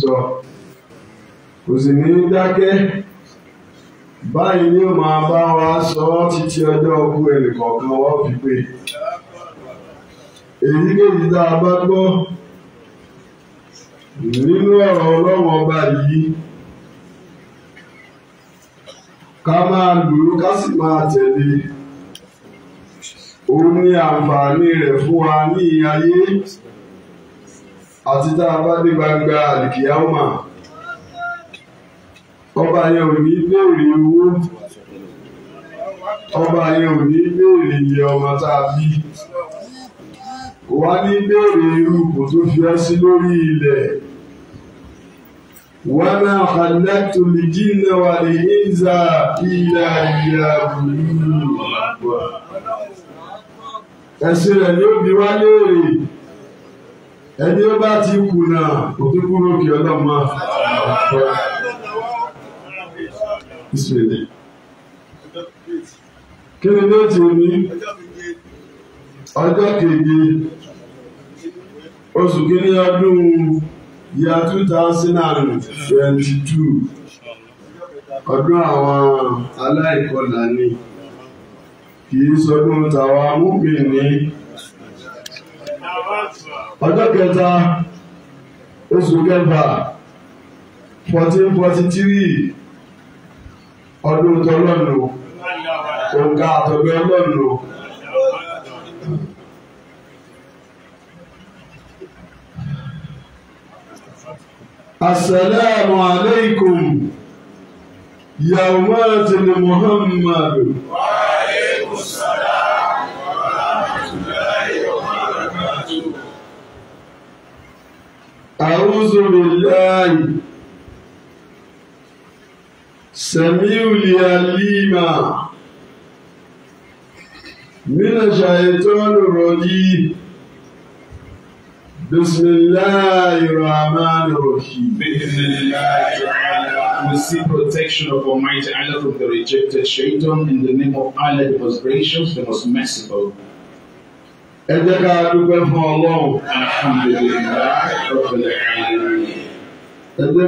sọ kò sì ní dákẹ́ bá wa sọ ọ́ títí ọjọ́ ọkú ẹnìkọ̀ọ̀kan wa fi pé èyí kéjì tá a bá gbọ́ nínú ọ̀rọ̀ ọlọ́wọ́ ọba yìí ká máa lò ó ká sì máa tẹ̀lé òun ní àǹfààní rẹ̀ fún wa ní ayé. àti tá a bá dé gbangba àlìkìyámà ọba yẹn ò ní béèrè owó ọba yẹn ò ní béèrè iye ọmọ tá a bí wà ní béèrè irú kò tó fi ọ́ sí lórí ilẹ̀ wà náà àdájọ́ lè jìnnà wà lè níza ìlà ìlà bùrù ẹ̀sìn rẹ̀ yóò bí wá léèrè ẹni ó bá ti kùnà òtún kúrò kí ọlọ́mọ àpẹ ìsìlẹ̀. kí ni ló ti ní ọjọ́ keje oṣù kìíní ọdún yíya two thousand and twenty two ọdún àwọn aláìkọlà ni kì í sọdún tàwa múmi ní ọjọ́ kẹta oṣù kẹfà fourteen forty three ọdún tọ́lọ́nù òǹkà àtọ̀gbẹ́ ọlọ́nù. Assalamu alaikum, yawmatul Muhammadu. Wa أعوذ بالله سميع العليم من الشيطان الرجيم بسم الله الرحمن الرحيم we seek protection of Almighty Allah from the rejected shaitan in the name of Allah the most gracious, the most merciful. ẹ jẹ́ ká dúpẹ́ fún ọlọ́run ẹ jẹ́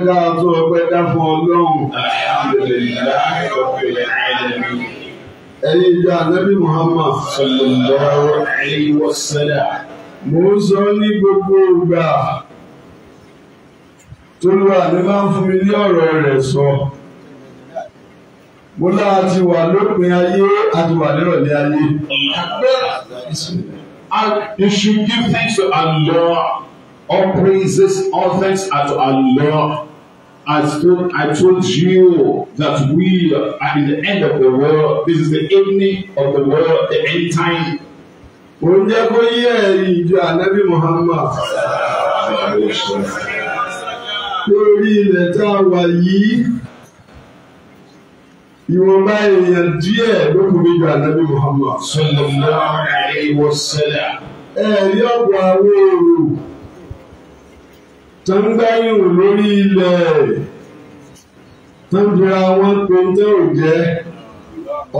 ká tó ọpẹ́ dá fún ọlọ́run ẹ̀yin ìjọ Muhammad sallallahu alaihi wasallam mo ń sọ ní gbogbo ìgbà tó ló máa ń fún mi ní ọ̀rọ̀ rẹ̀ sọ mo ti wà lópin ayé àti wà nírọ̀lẹ́ ayé. And you should give thanks to Allah. All praises, all thanks at to Allah. As told, I told you that we are in the end of the world. This is the evening of the world, the end time. Mo ń jẹ́ kó yé ẹ̀rí ìjọ Ànábì Muhammad. Lórí ilẹ̀ tá a wà yìí ìwọ̀nba èèyàn díẹ̀ ló kù níbi ànábì Muhammad. sallallahu alaihi wasallam. ẹ rí ọ̀pọ̀ àwọn èrò tó ń gbáyìn lórí ilẹ̀ tó ń jura wọn pé tó ò jẹ́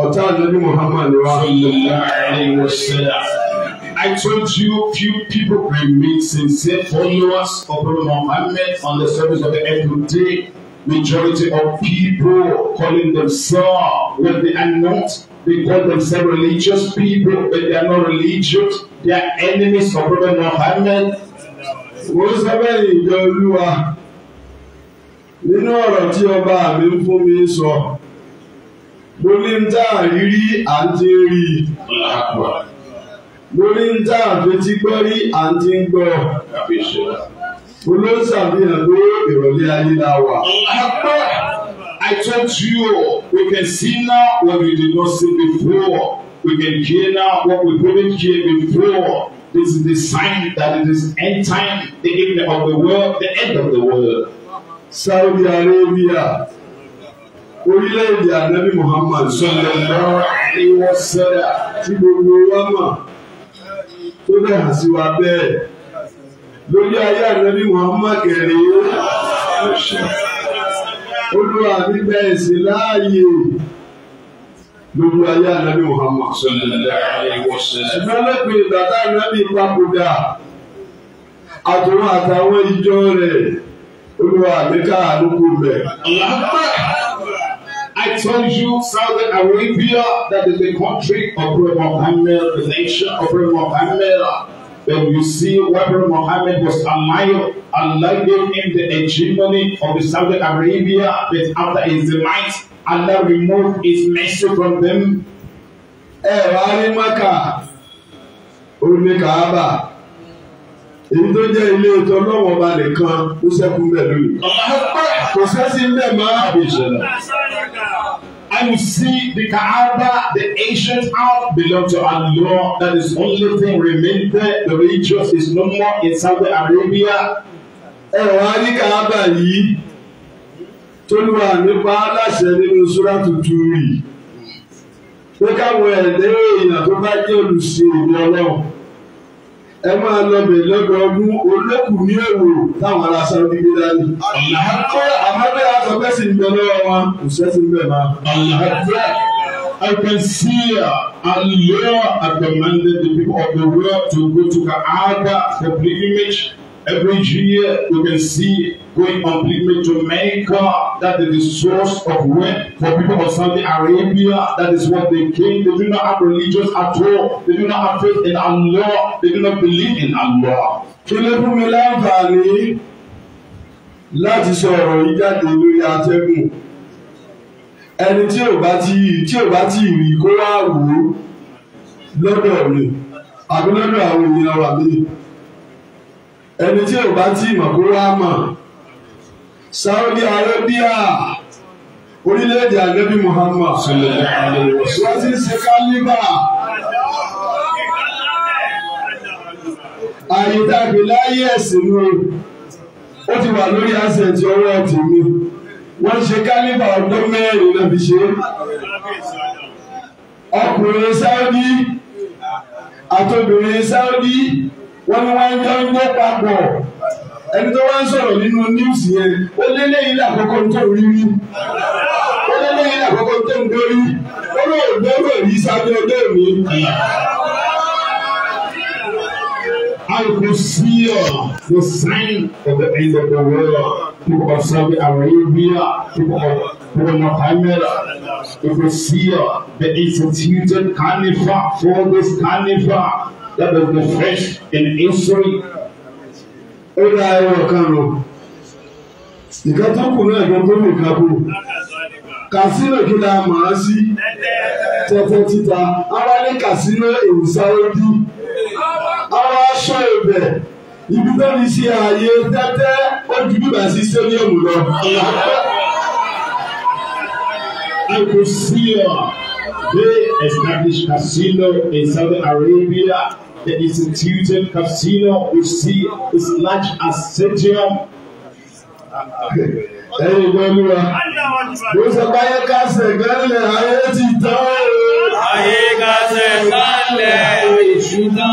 ọ̀tá ànábì Muhammad wa. sallallahu alaihi wasallam. I told you few people remain sincere followers of Prophet Muhammad on the service of the end of the day majority of people calling themselves when they are not. They call themselves religious people, but they are not religious. They are enemies of Prophet Muhammad. Wọ́n sábẹ́ ìjọ Olúwa nínú ọ̀rọ̀ tí ọba mi ń fún mi sọ. Mo ní ń tà rírí àti rí. Mo ní ń tà fetí gbọ́ rí àti ń gbọ́ olóńsàfihàn pé ìrọ̀lẹ́ ayé la wà. Àpẹ́ I told you we can see now what we did not see before. We can hear now what we couldn't hear before. This is the sign that it is end time, the end of the world, the end of the world. Saudi Arabia, orílẹ̀-èdè Anabi Muhammad sallallahu alaihi wasallam tí gbogbo wa mọ̀ tó bẹ̀ sí wa bẹ́ẹ̀ lórí ayé ànábì Muhammad kẹrẹ olúwa mi gba ẹ̀sìn láàyè lórí ayé ànábì Muhammad ṣùgbọ́n lẹ́pìn ìgbà tá ànábì papòdà àtúnwò àtàwọn ìjọ rẹ̀ olúwa mi àlùkò rẹ̀. I told you Saudi Arabia that is the country of Prophet Muhammad, the nation of Prophet Muhammad. When you see what Muhammad was a alive, Allah gave him the hegemony of the Saudi Arabia, but after his demise, Allah removed his mercy from them. Ẹ wá rí Maka, orí Kaaba, èyí tó jẹ́ ilé ètò ọlọ́wọ́ ọba nìkan ó ṣẹ́kù bẹ̀ Kò sẹ́sí ń máa bèjì náà. I will see the Kaaba, the ancient house belong to Allah. That is only thing remaining. there. The religious is no more in Saudi Arabia. Ẹ̀rọ ayé Kaaba yìí tó lù wà nípa aláṣẹ nínú Súrà tuntun rì. Pé káwọn ẹ̀dẹ́ èèyàn tó bá jẹ́ olùsìn ìlú ọlọ́run. Ẹ máa lọ bẹ̀ lọ́dọọdún olókùn ní èrò táwọn ará Saudi gbé dání. Àlàkọ́yà sọ sì ń bẹ lọ́wọ́ wọn kò sẹ́sìn bẹ́ẹ̀ máa. I can see Allah commanded the people of the world to go to Kaaba for pilgrimage. Every year You can see going on pilgrimage to Mecca. That is the source of wealth for people of Saudi Arabia. That is what they came. They do not have religious at all. They do not have faith in Allah. They do not believe in Allah. Kí ló fún mi láǹfààní? láti sọ ọ̀rọ̀ yìí jáde lórí atẹ́gùn ẹni tí ò bá ti tí ò bá ti rí kó wá wò ó lọ́dọ̀ rẹ̀ àbí lọ́dọ̀ àwọn ènìyàn wà mí ẹni tí ò bá ti mọ̀ kó wá mọ̀ Saudi Arabia orílẹ̀-èdè àgẹ́bí Muhammad wọ́n ti ń ṣe kálíbà. àyè tàbí láyé ẹ̀sìn ni ó ti wà lórí àṣẹ̀tì ọwọ́ tèmi wọ́n ṣe kálíbà ọdún mẹ́rin náà fi ṣe ọkùnrin sáúdí àtobìnrin sáúdí wọ́n ní wọ́n jọ ń gbé papọ̀ ẹni tó wá ń sọ̀rọ̀ nínú news yẹn ó lé lẹ́yìn lákòókò tó rí rí ó lé lẹ́yìn lákòókò tó ń dórí ó lóògbé rò rí sábẹ́ ọdẹ mi. I could the sign of the end of the world. People of Saudi Arabia, people of people of Palmyra, you could see the instituted carnival for this carnival that was the first in history. Ó dá ẹwọ kan lọ. Nǹkan tó kù náà gbọ́n tó lè kábò. Kàsínà kí la màá sí tẹ́tẹ́ títa. Ara ní kàsínà èrò sáré bíi ọwọ́ aṣọ ìbẹ̀ ibi tó ní ṣe ààyè tẹ́tẹ́ ó ju bíbà sí stadium lọ. I could see her. They established casino in Saudi Arabia. The instituted casino we see is large as stadium. ẹ̀yin ìgbẹ́ni wa ló sọ pé ayé kásẹ̀ gánlẹ̀ ayé ti tán. ayé kásẹ̀ gánlẹ̀ ìṣúná.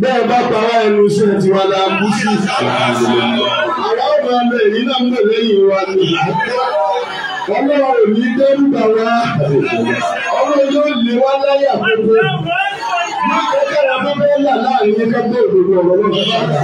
bẹ́ẹ̀ bá para ẹnu sí ẹ̀ tí wà láà bú sí ìsàlẹ̀ àwa ò máa lọ náà ń lò lẹ́yìn wa ni ọlọ́run ò ní dẹ́rù bà yóò lé wá láyé àkókò má kẹ́kẹ́rẹ́ abẹ́bẹ́ yà láàrin ní kẹ́kẹ́ òdodo ọ̀rọ̀ náà.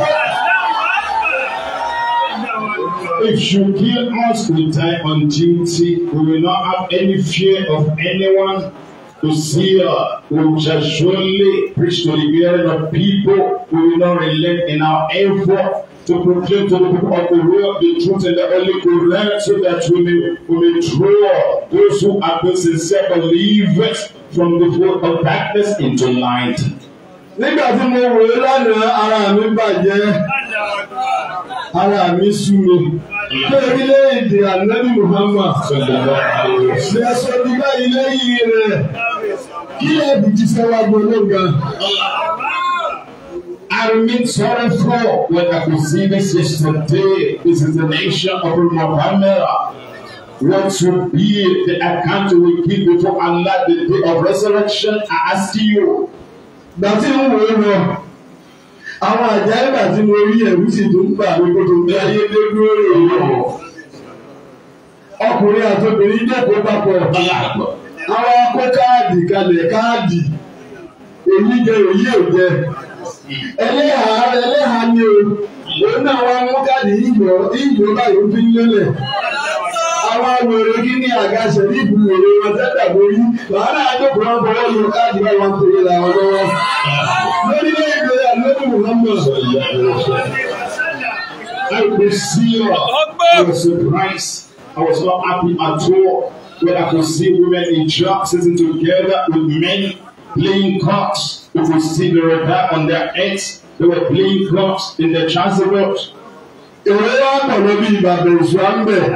If you give us the time on duty, we will not have any fear of anyone to see uh, we shall surely preach to the hearing of people. We will not relent in our effort to proclaim to the people of the world the truth and the only Quran so that we may, we may draw those who are the sincere believers from the world of darkness into light. Nígbà tí mo wò ó lánàá, ara mi bàjẹ́, ara mi sú mi. Lórílẹ̀-èdè Ànábì Muhammad, ṣe sọ ní báyìí lẹ́yìn rẹ̀ kílẹ̀bù ti fẹ́ wá gbóló gan. Armin sorrowful when I could see this yesterday. This is the nation of Muhammad. What should be the account we give before Allah the day of resurrection? I ask you. Bàtí ń wo lọ, àwọn àjáyébà tí mo rí ẹ̀rú sì tó gbà mí kó tó ayé dé dúró rè é. Ọkùnrin dẹ́kun papọ̀ ọ̀tá. àwọn akó káàdì kalẹ̀ káàdì èyí jẹ èyí ò jẹ ẹlẹ́hà ẹlẹ́hà ni o òun náà wá mú káàdì ìyọ̀ ìyọ̀ báyìí fi ń lélẹ̀ àwọn awèrè kí ni àga ṣẹ̀lí ìbúwèrè wọn tẹ́tà borí làwọn àjọpọ̀ wọn bọ̀ káàdì báyìí wọn I was where I could see women in church sitting together with men playing cards. You could see the red rebel on their heads. They were playing cards in the chasuble. Èrè wá pẹ̀lú bí Ìbàdàn òṣùwà ń bẹ̀.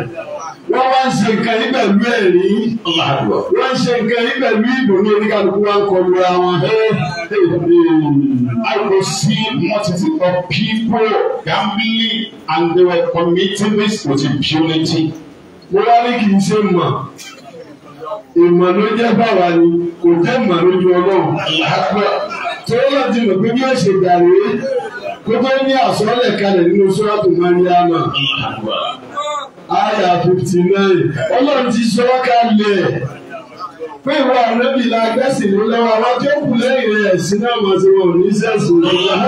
Wọ́n wá ń ṣe nǹkan yí pẹ̀lú ẹ̀rí. Wọ́n ń ṣe nǹkan yí pẹ̀lú ìbò oníkàlùkù wa ń kọlu àwọn. I could see multitude of people gambling and they were committing this with impunity mo wá ní kì í ṣe mọ̀ ìmọ̀ ló jẹ́ báwa ni kò jẹ́ ìmọ̀ lójú ọlọ́run àgbà tó láti mọ̀ pé bí ó ṣe dàrí kó tó ní àsọ́lẹ̀ kalẹ̀ nínú sọ́ọ̀tù Mariama àyà fifty nine ọlọ́run ti sọ kalẹ̀ pé ìwọ ànábìlà gbẹ́sìn ló lọ́wọ́ àwọn tó kù lẹ́yìn rẹ̀ sínú àwọn tí wọn ò ní sẹ́sìn lọ́wọ́.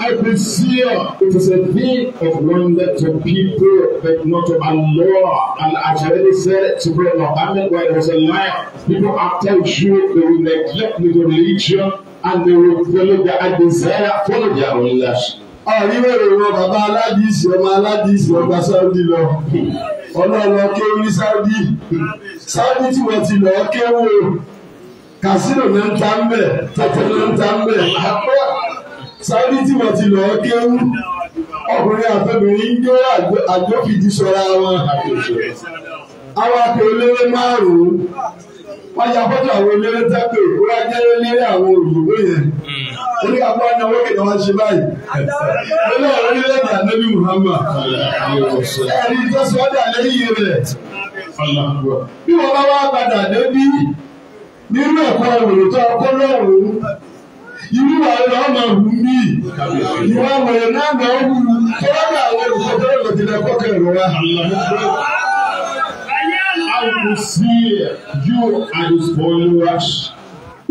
I presume it is a thing of wonder to people, but not to Allah. And as I already said, to Surah Muhammad, where it was a lion, people after you, they will neglect the religion and they will follow their desire, follow their own lust. Àríwé ìwọ bàbá aládìsí ọmọ aládìsí ọgbà Sáúdì lọ. Ọlọ́ọ̀lọ́ kéwú ní Sáúdì. Sáúdì tí wọ́n ti lọ́ọ́ kéwú o. Kàsínò ní ń ta ń bẹ̀, tẹ̀tẹ̀ ní ń ta ń bẹ̀. sáré tí wọ́n ti lọ kéwú ọkùnrin àtọ́bìnrin ń jó àjọfìdí wọn. àwọn márùn-ún wọ́n ya fọ́tò àwọn tẹ́pẹ̀ òkúra àwọn yẹn. Hmm. wọn ṣe báyìí. orílẹ̀-èdè Muhammad rẹ̀. bí wọ́n bá wá padà débí nínú ẹ̀kọ́ òwòrán tó ọkọ́ irú àlọ́ ọmọ wù mí ìwọ wẹ̀rẹ̀ náà nà ó wù tọ́lá ní àwọn olùkọ́ tọ́lá ní òtí lẹ́kọ́ kẹrọ wa. How you see you and his followers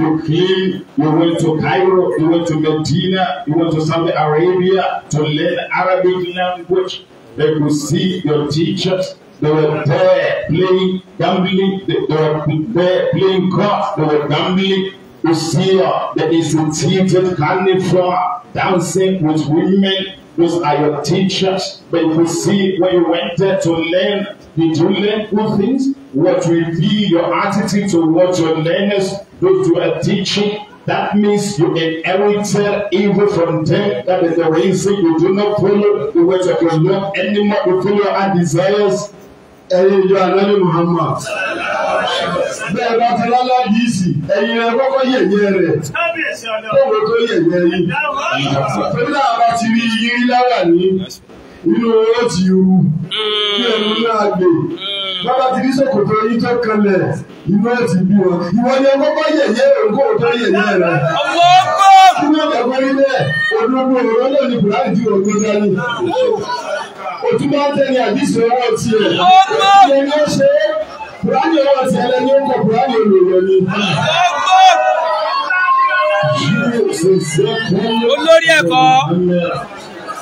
you came, you went to Cairo, you went to Medina, you went to Saudi Arabia to learn Arabic language. They could see your teachers. They were there playing gambling. They, they were there playing golf. They were gambling. Uzziah, that is seated carnivore, dancing with women. Those are your teachers. But if you see when you went there to learn, did you learn good things? What will be your attitude towards your learners? Those who are teaching, that means you inherited evil from them. That is the reason you do not follow the words of your Lord anymore. You follow your desires ẹ̀yin ìjọ ànábì Muhammad bẹ́ẹ̀ bá ti lálá díìsì ẹ̀yin rẹ kọ́kọ́ yẹ̀yẹ́ rẹ̀ kóòwò tó yẹ̀yẹ́ yìí torí náà bá ti rí yírí lára ní inú owó ti hu bí ẹnu náà gbè mm. bàbá ti ní ṣòkòtò yín tó kanlẹ̀ inú ẹ̀ ti bí wọn ìwọ ni ọkọ bá yẹ̀yẹ́ òǹkó tó yẹ̀yẹ́ rẹ̀. kí ló dé pẹ́lú bẹ́ẹ̀ odòdó ọ̀rọ̀ náà ni buhari ti rògbò dání. òtúmọ̀ tẹ̀lé àdìsí ọwọ́ tiẹ̀ ìyẹn ni ó ṣe é buhari ọwọ́ tiẹ̀ lẹ́ni ó kọ buhari olùrọ̀ ni. olórí ẹ̀kọ́.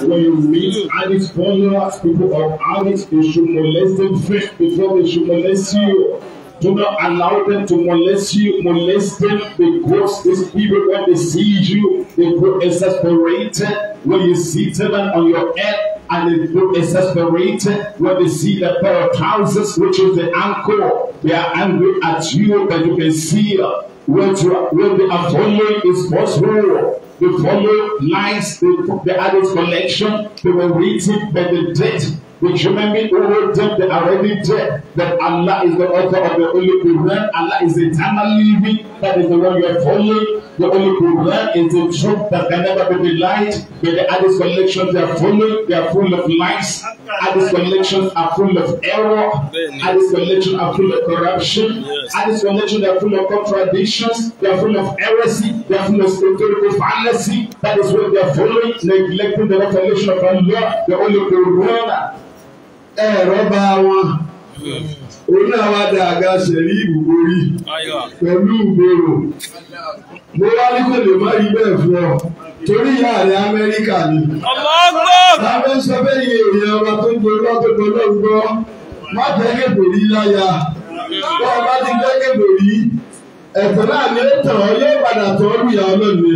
When you meet addict followers, people of addicts, you should molest them first before they should molest you. Do not allow them to molest you, molest them because these people, when they see you, they grow exasperated when you see them on your head and they grow exasperated when they see the pair of trousers, which is the ankle. They are angry at you, but you can see. when you when they are following is possible they follow lines they, they add it connection they were written by the dead which remember all them that are already dead, that Allah is the author of the Holy Quran, Allah is eternal living, that is the one you are following. The Holy Quran is the truth that can never be denied. But the other collections they are following, they are full of lies. Other collections are full of error. Other collections are full of corruption. Other collections are full of contradictions. They are full of heresy. They are full of spiritual fallacy. That is what they are following, neglecting the revelation of Allah, the Holy Quran. ẹ̀rọ bá wọn oní àwọn àdàgà ṣẹ̀rí ìbùborí pẹ̀lú ìgboro mo wá ní kò lè má rí bẹ́ẹ̀ fún ọ torí ìyá rẹ̀ Amẹ́ríkà ni. lábẹ́ sọ bẹ́ẹ̀ yẹ èèyàn ọba tó ń gbọ́ tó gbọ́ má láya bọ́ ọba ti ẹ̀tọ́ náà ni ó tàn ọ́ yóò padà tọ́ lùyà ọlọ́ọ̀ni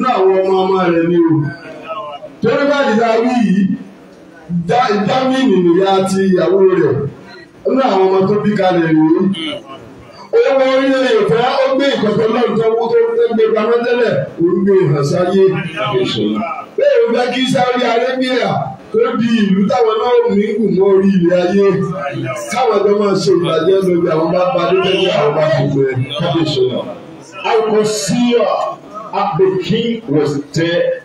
ọmọ ọmọ torí báyìí dá wí yìí jámínì nìyá ti ìyàwó rẹ̀ nínú àwọn ọmọ tó bí kalẹ̀ rèé owó orílẹ̀ ìfẹ́ ó gbé ìkọ̀tọ̀ náà tó wú tó ń gbé pamọ́ tẹ́lẹ̀ orúkọ ìhànsáyé bẹ́ẹ̀ ló bá kí Saudi Arabia tó di ìlú táwọn náà ní gùn mọ́ orí ilẹ̀ ayé káwọn tó máa ṣe ìbàjẹ́ lórí àwọn bá parí lẹ́yìn àwọn bá kú bẹ́ẹ̀ kábíyèsí náà. I could see her and the king was there.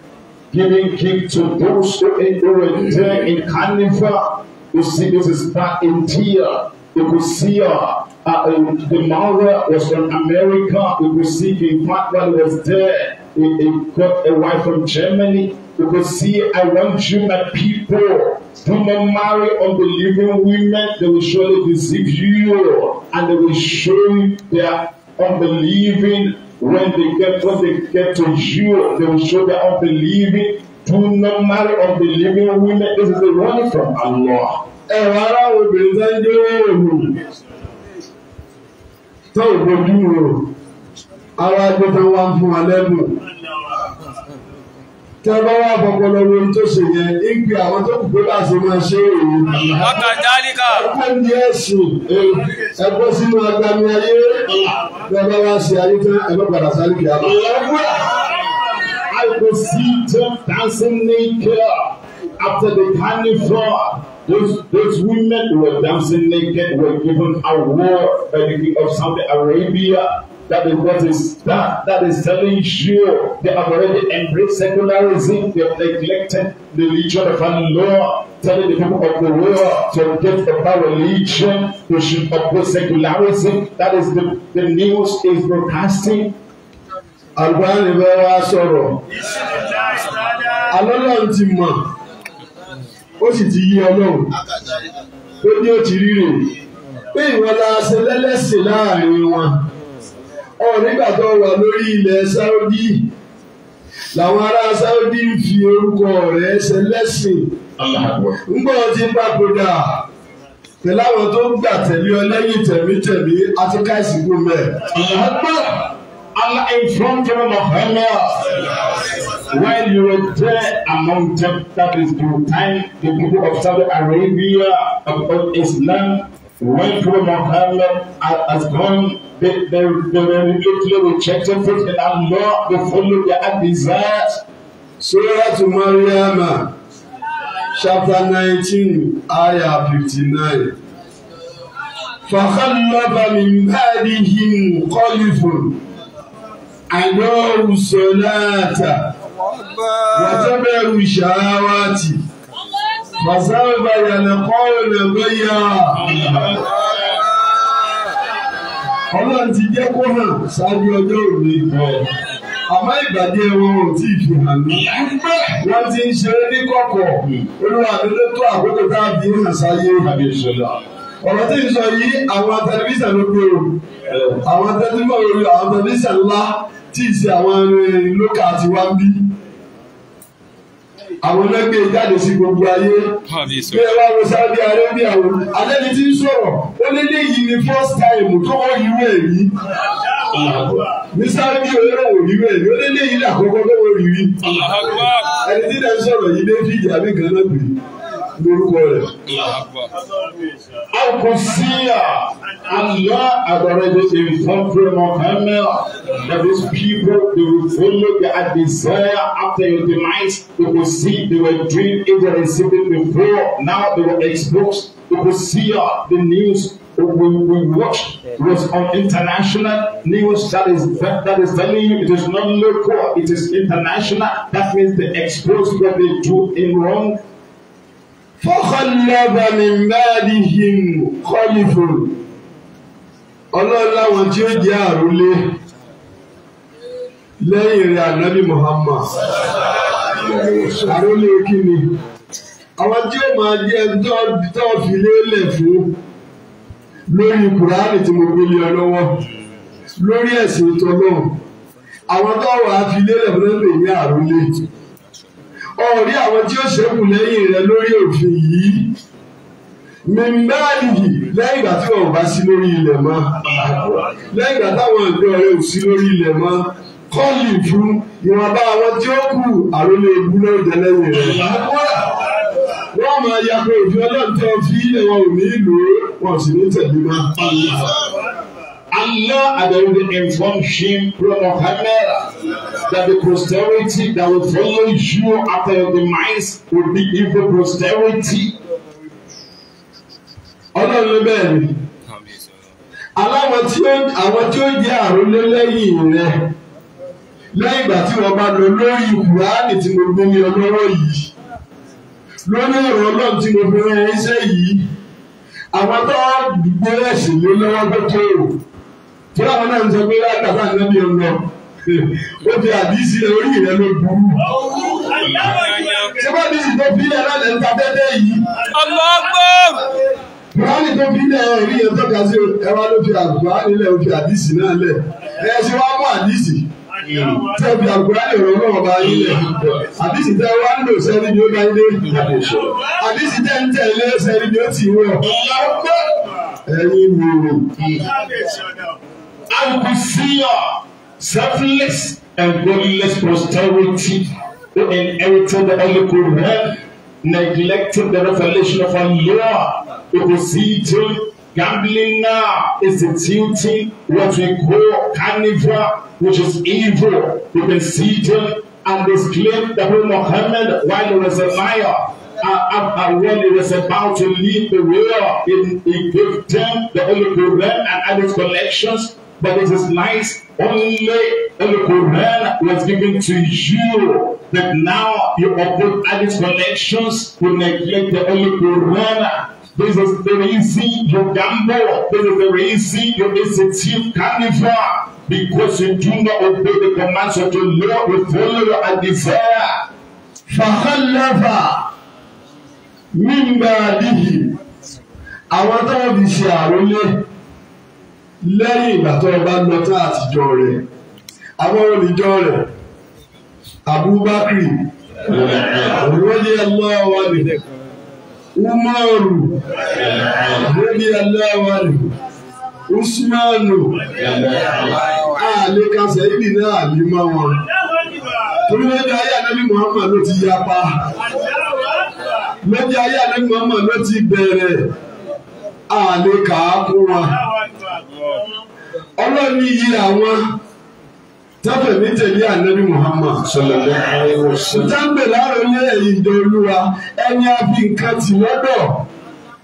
giving gift to those who endure it. There in Carnival, you see this is back in tear. You could see her. Uh, the mother was from America. You could see in fact that was there. He, he got a wife from Germany. You could see, I want you, my people. Do not marry unbelieving women. They will surely deceive you. And they will show their unbelieving When they get when they get to you, they will show the unbelieving. Do not marry unbelieving women. This is a warning from Allah. Ẹ wá ara obìnrin tó ń jẹ́ òòrùn tó ìbojú rò. Ara gbé tán wá fún wa lẹ́bùn tí wọn wo tó ṣe yẹn ìgbì àwọn tó kù pé bá máa ṣe òun. bàtà jálíkà. ẹgbẹ́ mi ẹ̀sùn ẹgbẹ́ sínú agbami ayé bàbá wa ṣe ayé tán ẹgbẹ́ padà sáré kìá. I will see them dancing naked after the carnival. Those, those women who were dancing naked were given a award by the king of Saudi Arabia. That is what is that. That is telling you they have already embraced secularism. They have neglected the religion of law, Telling the people of the world to get about religion. They should oppose secularism. That is the the news is broadcasting. Àlùbáyé bẹ wá sọ̀rọ̀. Alọ́lọ́run ti mọ̀, ó sì ti yí Ọlọ́run, ó ní ó ti rí rè, pé ìwọ́n la ṣe lẹ́lẹ́sìn láàrin wọn nígbà tó wà lórí ilẹ̀ Saudi làwọn ará Saudi ń fi orúkọ rẹ̀ ṣe lẹ́sìn ń gbọ́ ti papòdà pẹ̀lú àwọn tó ń gbà tẹ̀lé ọ lẹ́yìn tẹ̀mítẹ̀mí àti káìsì gómẹ̀. Allah in front of Muhammad while you were there among them that is the time the people of Saudi Arabia about Islam went to Muhammad has gone they, they, they were immediately rejected faith in Allah they followed their desires. Surah to Maryam chapter nineteen ayah fifty-nine. فخلف من بعدهم خلف أداءوا الصلاة واتبعوا الشهوات فسوف يلقون غيا Ọlọ́run ti jẹ́ kó hàn ṣáájú ọjọ́ òní àmọ́ ìgbàdí ẹ̀wọ̀n ò tí ì fi hàn mí. wọ́n ti ń ṣe ní kọ̀kọ̀ olúwa àdúgbò tó àkókò tá a fi hàn sáyé. ọ̀rọ̀ tí ń sọ yìí àwọn tẹlifíṣàn ló gbé o àwọn tẹlifíṣàn ló gbé o àwọn tẹlifíṣàn ńlá tí ì ṣe àwọn lókà àti wá ń bí àwọn náà gbé jáde sí gbogbo ayé bí ẹ wá wo Saudi Arabia o alẹ́ni tí ń sọ̀rọ̀ ó lé léyìí ní first time tó wọ́n yí wẹ̀ rí ní Saudi olóró wò yí wẹ̀ rí ó lé léyìí ní àkọ́kọ́ tó wọ́n rí rí ẹni tí náà ń sọ̀rọ̀ yìí dé fíjì àbí gan náà bìrì lórúkọ rẹ̀. A kò sí à Allah agbára ìfọ̀nfẹ́ Mohammed that these people they will follow their desire after your demise. They could see they were doing it they were sleeping before now they were exposed. They could see uh, the news We we watch was on international news that is that is telling you it is not local it is international that means they expose what they do in wrong fọ́kànlẹ́bà mi báyìí hìn kọ́lífò ọlọ́run láwọn tí ó jẹ́ àrólé lẹ́yìn rẹ̀ ànábì Muhammad àrólé kíni àwọn tí ó máa jẹ́ tó fi lélẹ̀ fún lórí kùránì tí mo gbélé ọ lọ́wọ́ lórí ẹ̀sìn tọ́lọ́run àwọn tó wà fún ẹgbẹ̀rún àrólé ọ̀rí àwọn tí ó ṣẹ́kù lẹ́yìn rẹ lórí òfin yìí mímbáàlì yìí lẹ́yìn ìgbà tí wọ́n bá sí lórí ilẹ̀ mọ́ lẹ́yìn ìgbà táwọn ìjọ rẹ ò sí lórí ilẹ̀ mọ́ kọ́ọ̀lì fún ìwọ̀nba àwọn tí ó kù àrólé egun náà jẹ lẹ́yìn rẹ. wọ́n máa ya pé òfin ọlọ́ọ̀tẹ́ fi ilẹ̀ wọn ò ní ìlú wọn sì ní tẹ̀lé máa. Allah had already informed him through Muhammad that the posterity that will follow you after your demise will be evil posterity. Ọlọ́run ló bẹ́ẹ̀ ni. Aláwọ̀ tí ó àwọn tí ó jẹ́ àrólé lẹ́yìn rẹ̀ lẹ́yìn ìgbà tí wọ́n bá lọ lórí Kùránì tí mo gbé ní ọlọ́rọ̀ yìí lórí ọ̀rọ̀ náà tí mo fi rán iṣẹ́ yìí àwọn tó gbé ẹ̀sìn lé lọ́wọ́ pé tó rò tọ́lá wọn náà ń sọ pé láti àbá ànábì ọ̀ lọ ó fi àdísí rẹ orí rẹ ló burú. ṣé wọ́n ní ìbò bílẹ̀ lálẹ́ ń ta tẹ́tẹ́ yìí. ọlọ́gbọ́n. Kùránì tó fi ilẹ̀ ẹ̀rí yẹn tọ́ka sí ẹwà ló fi àkùránì lẹ̀ ó fi àdísì náà lẹ̀. Ẹ ṣe wá mú àdísì. Tẹ́ fi àkùránì ọ̀rọ̀ náà bá yín lẹ̀. Àdísì tẹ́ wá ń lò sẹ́ni ni ó bá yín lé. Àdísì tẹ́ ń tẹ̀lé sẹ́ni ni ó ti wọ̀. Ẹ̀yin wò ó. I will see your selfless and godless posterity who inherited the Holy Quran, neglecting the revelation of Allah, oppositing, gambling now, instituting what we call carnivore, which is evil, oppositing, and exclaimed the whole Muhammad while he was a liar. Uh, uh, uh, when he was about to leave the world, he, he gave them the Holy Quran and other collections But it is nice only when the Quran was given to you. that now you open other connections to neglect the only Quran. This is the reason you gamble. This is the reason you insensitive carnivore. Because you do not obey the commands of the Lord, you follow your desire. فخلف من بعدهم àwọn tó ń fi ṣe àrólé lẹ́yìn ìgbà tó o bá lọ tá àtijọ́ rẹ̀ àwọn olùjọ́ rẹ̀ Abubakar rọ́lí aláwa rẹ̀ Umaru rọ́lí aláwa rẹ̀ Usmanu àlékasẹ̀ ìdí náà lè má wọn torí wọ́n jẹ́ ayé ànábì Muhammad ló ti yapa lọ́jọ́ ayé ànábì Muhammad ló ti bẹ̀rẹ̀ àlè kàákó wọn ọlọ́ọ̀ni yí àwọn tábẹ̀ mi tẹ̀lé ànábì Muhammad sọlọ́dọ̀ tábẹ̀ láàrọ̀ ní ẹ̀yìn ìdọ̀lúwa ẹni àfi nǹkan tì lọ́dọ̀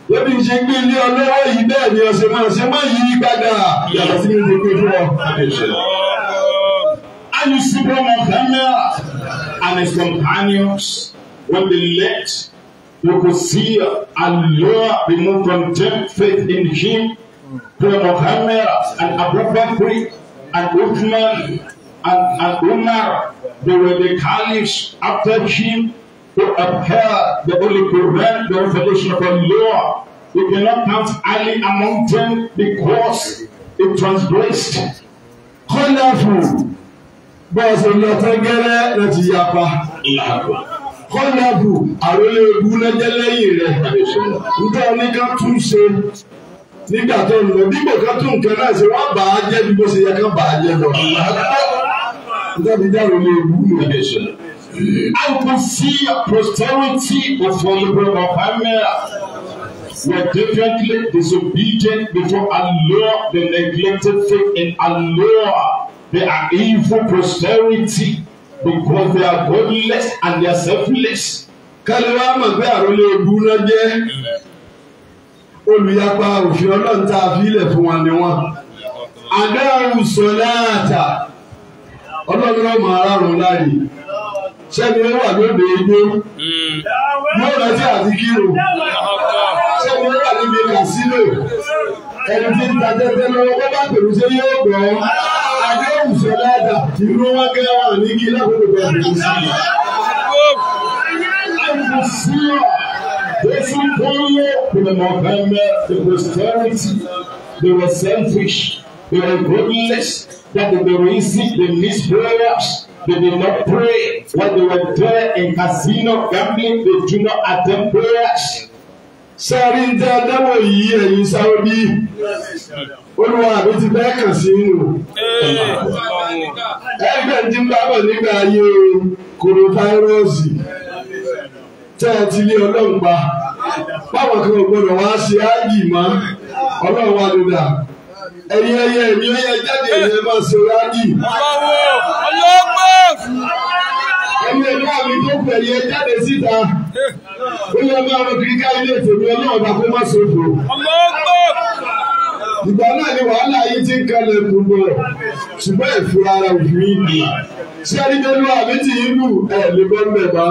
lórí ṣe gbé ilé ọlọ́wọ́ yìí bẹ́ẹ̀ ni ọ̀sẹ̀ máa ṣe máa yí padà yàtọ̀ sí ní gbogbo fún ọ. Are you super and his companions when they left? you could see Allah remove contempt faith in him to Muhammad and Abu Bakr and Uthman and, and Umar. They were the caliphs after him to uphold the Holy Quran, the revelation of Allah. You cannot count Ali among them because it transgressed. Wonderful. fún bọ́ọ̀sì lọ́tọ́ gẹ́rẹ́ láti yapa. Láàbà kọ́nàbù àwọn eléwu lẹ́jẹ́ lẹ́yìn rẹ̀ nígbà oníkan tún ṣe nígbà tó ń lọ dípò kan tún nǹkan náà ṣe wọ́n bàá jẹ́ bí bó ṣe yẹ kán bàá jẹ́ lọ. nígbà tí jáwé eléwu lọ. I will see a prosperity of Honorable We are definitely disobedient before Allah, the neglected faith and Allah. the evil prosperity because they are godless and they are selfless. kálíwá mọ̀ pé àròlé ebú náà jẹ́ olùyapa òfin ọlọ́run tá a fi ilẹ̀ fún wa ni wọ́n. adáhùn sọ̀láàtà ọlọ́run náà máa rárun láàyè sẹ́ni ó wà lóde igbó yóò rántí àti kírò sẹ́ni ó wà níbi kàsílò ẹni tí ń tajẹ́tẹ́ lọ́wọ́ bó bá pèrú sí yóò gbọ́ adéhùn sọlá ẹ̀dá ìrú wọn gẹ́ wọn ní kí lákòókò bá pèrú sí i. They should follow the Muhammad, the posterity, they were selfish, they were godless, that they were easy, they missed prayers, they did not pray. While they were there in casino gambling, they do not attend prayers. sẹ́rí jẹ́ dẹ́wọ̀ yìí ẹ̀yin sáré bí olùwà mi ti bẹ́ẹ̀ kàn sí nù. ẹgbẹ́ ti ń bábọ̀ nígbà ayé kòròfáírọ́ọ̀sì tẹ́ ẹ ti lé ọlọ́run pa báwọn kan ò gbọdọ̀ wá ṣe áàgì mọ́ ọlọ́run wa lòdà ẹ̀yin ẹyẹ mi ó jáde ẹ̀yẹ ṣe áàgì. tó Bóyá bá ọmọbìnrin ká ilé tèmi ọlọ́ọ̀dà kó má sòfò. Ìgbà náà ni wàhálà yìí ti ń kalẹ̀ gbogbo ṣùgbọ́n ìfura ara òfin ìgbì. Ṣé Adédọ́lú àbí ti ìlú ẹ̀ lè bọ́ mẹ́ta?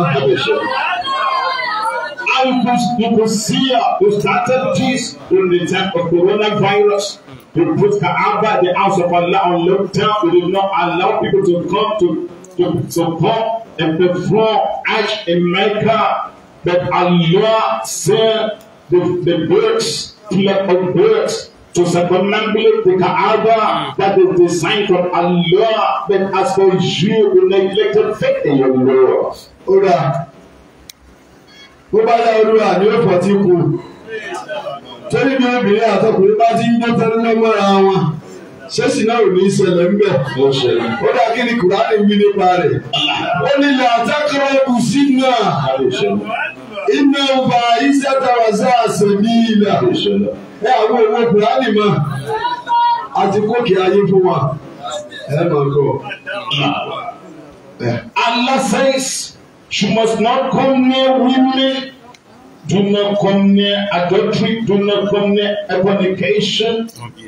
How could Nicosia, who started this in the time of coronavirus, who put Kaaba, the house of Allah, on lockdown, who did not allow people to come to, to, to come and perform Hajj in Mecca, that Allah sent the, the birds, pillar of birds, to circumambulate the Kaaba that is designed from Allah that as for you you neglected faith in your Lord. Ó dà bó bá dá olúwa ni ó pọ̀ tí kú. Torí bí obìnrin àtọkùnrin bá ti ń gbọ́ tẹ́lẹ̀ lọ́gbọ́ra wọn ṣẹ́sì náà ò ní ṣẹlẹ̀ ń bẹ̀. ó dà kí ni Kùránì wí nípa rẹ̀. ó nílẹ̀ àtàkùrọ̀ ẹ̀kú sí náà iná ọba iṣẹ́ tàwa sáàsì ní ilẹ̀ ẹ àwọn owó kùránì mọ́ àti kókè ayé fún wa ẹ máa kọ́. Allah says she must not come near women. Do not come near adultery. Do not come near abomination.